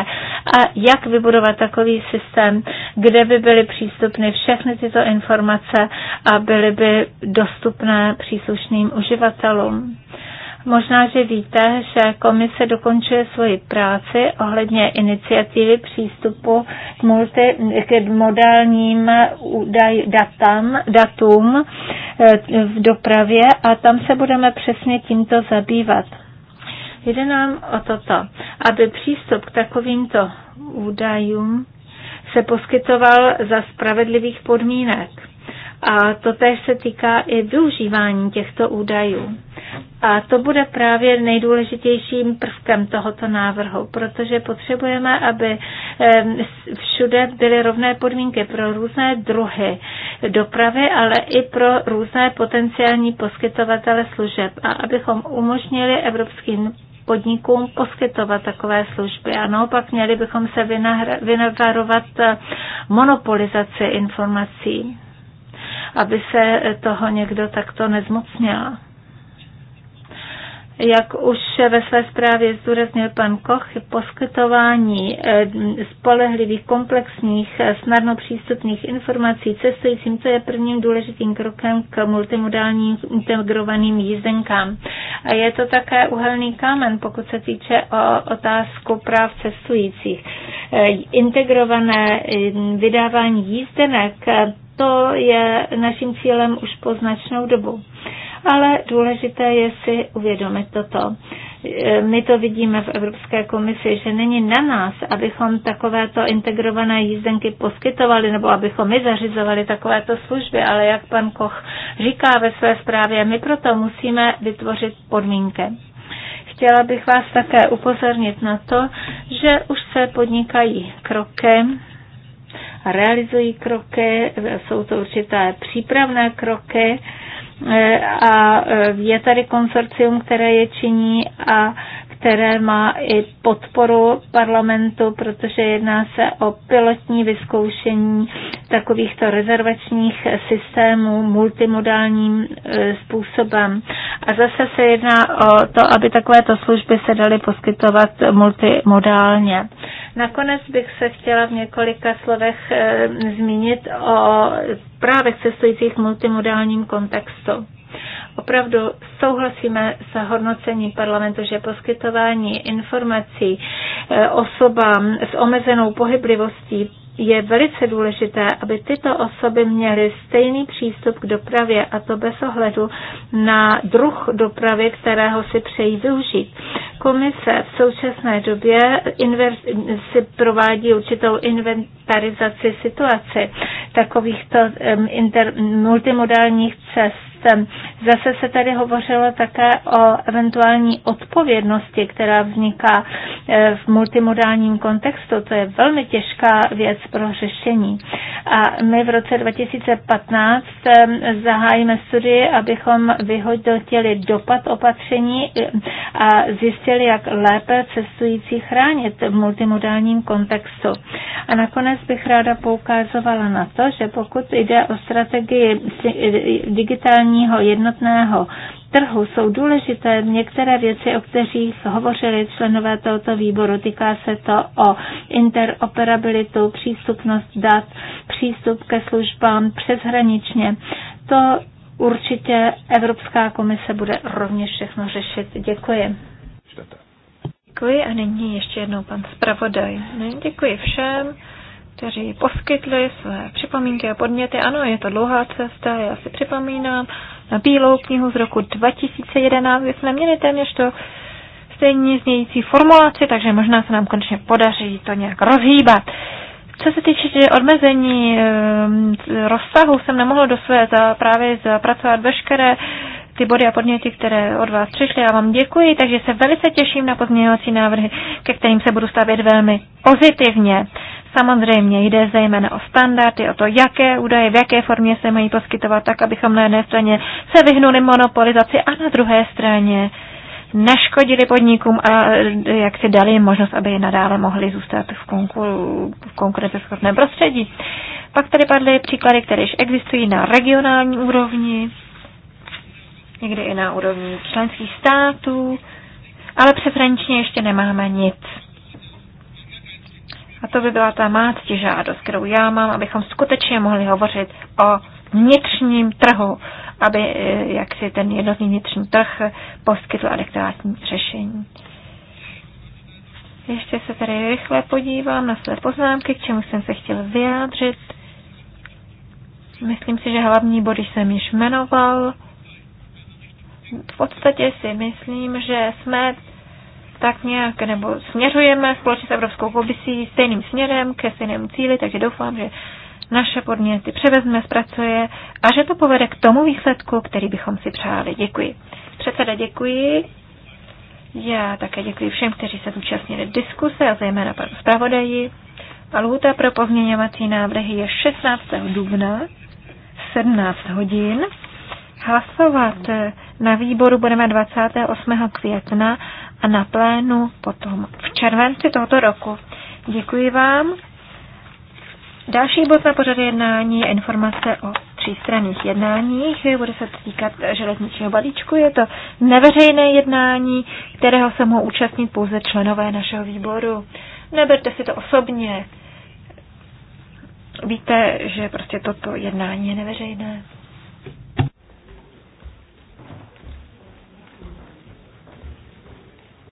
A jak vybudovat takový systém, kde by byly přístupny všechny tyto informace a byly by dostupné příslušným uživatelům. Možná, že víte, že komise dokončuje svoji práci ohledně iniciativy přístupu k, multi, k modálním údaj, datám, datům eh, v dopravě a tam se budeme přesně tímto zabývat. Jde nám o toto, aby přístup k takovýmto údajům se poskytoval za spravedlivých podmínek. A to též se týká i využívání těchto údajů. A to bude právě nejdůležitějším prvkem tohoto návrhu, protože potřebujeme, aby všude byly rovné podmínky pro různé druhy dopravy, ale i pro různé potenciální poskytovatele služeb a abychom umožnili evropským podnikům poskytovat takové služby. A naopak měli bychom se vynavarovat eh, monopolizaci informací, aby se toho někdo takto nezmocnil jak už ve své zprávě zdůraznil pan Koch, poskytování eh, spolehlivých, komplexních, eh, snadno přístupných informací cestujícím, co je prvním důležitým krokem k multimodálním integrovaným jízdenkám. A je to také uhelný kámen, pokud se týče o otázku práv cestujících. Eh, integrované vydávání jízdenek, to je naším cílem už po značnou dobu ale důležité je si uvědomit toto e, my to vidíme v Evropské komisi, že není na nás, abychom takovéto integrované jízdenky poskytovali nebo abychom my zařizovali takovéto služby, ale jak pan Koch říká ve své zprávě, my proto musíme vytvořit podmínky. Chtěla bych vás také upozornit na to, že už se podnikají kroky, realizují kroky, jsou to určité přípravné kroky, Eh, a eh, je tady konsorcium, které je činí a které má i podporu parlamentu, protože jedná se o pilotní vyzkoušení takovýchto rezervačních systémů multimodálním eh, způsobem. A zase se jedná o to, aby takovéto služby se daly poskytovat multimodálně. Nakonec bych se chtěla v několika slovech eh, zmínit o právech cestujících v multimodálním kontextu. Opravdu souhlasíme s hodnocením parlamentu, že poskytování informací eh, osobám s omezenou pohyblivostí je velice důležité, aby tyto osoby měly stejný přístup k dopravě a to bez ohledu na druh dopravy, kterého si přejí využít. Komise v současné době si provádí určitou inventarizaci situace takovýchto inter- multimodálních cest Zase se tady hovořilo také o eventuální odpovědnosti, která vzniká eh, v multimodálním kontextu. To je velmi těžká věc pro řešení. A my v roce 2015 eh, zahájíme studii, abychom vyhodnotili dopad opatření eh, a zjistili, jak lépe cestující chránit v multimodálním kontextu. A nakonec bych ráda poukázovala na to, že pokud jde o strategii digitální globálního jednotného trhu jsou důležité některé věci, o kterých hovořili členové tohoto výboru. Týká se to o interoperabilitu, přístupnost dat, přístup ke službám přeshraničně. To určitě Evropská komise bude rovněž všechno řešit. Děkuji. Děkuji a nyní ještě jednou pan zpravodaj. Děkuji všem kteří poskytli své připomínky a podněty. Ano, je to dlouhá cesta, já si připomínám na Bílou knihu z roku 2011, kdy jsme měli téměř to stejně znějící formulaci, takže možná se nám konečně podaří to nějak rozhýbat. Co se týče odmezení ehm, rozsahu, jsem nemohla do své za, právě zapracovat veškeré ty body a podněty, které od vás přišly. Já vám děkuji, takže se velice těším na pozměňovací návrhy, ke kterým se budu stavět velmi pozitivně. Samozřejmě jde zejména o standardy, o to, jaké údaje, v jaké formě se mají poskytovat, tak abychom na jedné straně se vyhnuli monopolizaci a na druhé straně naškodili podnikům a e, jak si dali možnost, aby nadále mohli zůstat v, konkur- v konkurenceschopném prostředí. Pak tady padly příklady, které již existují na regionální úrovni, někdy i na úrovni členských států, ale přeshraničně ještě nemáme nic. A to by byla ta má žádost, kterou já mám, abychom skutečně mohli hovořit o vnitřním trhu, aby eh, jak si ten jednotný vnitřní trh poskytl adekvátní řešení. Ještě se tady rychle podívám na své poznámky, k čemu jsem se chtěl vyjádřit. Myslím si, že hlavní body jsem již jmenoval. V podstatě si myslím, že jsme tak nějak, nebo směřujeme společně s Evropskou komisí stejným směrem ke stejnému cíli, takže doufám, že naše podněty převezme, zpracuje a že to povede k tomu výsledku, který bychom si přáli. Děkuji. Předseda, děkuji. Já také děkuji všem, kteří se zúčastnili diskuse a zejména panu zpravodaji. A lhůta pro pozměňovací návrhy je 16. dubna 17 hodin. Hlasovat na výboru budeme 28. května a na plénu potom v červenci tohoto roku. Děkuji vám. Další bod na pořadu jednání je informace o třístranných jednáních. Bude se týkat železničního balíčku. Je to neveřejné jednání, kterého se mohou účastnit pouze členové našeho výboru. Neberte si to osobně. Víte, že prostě toto jednání je neveřejné.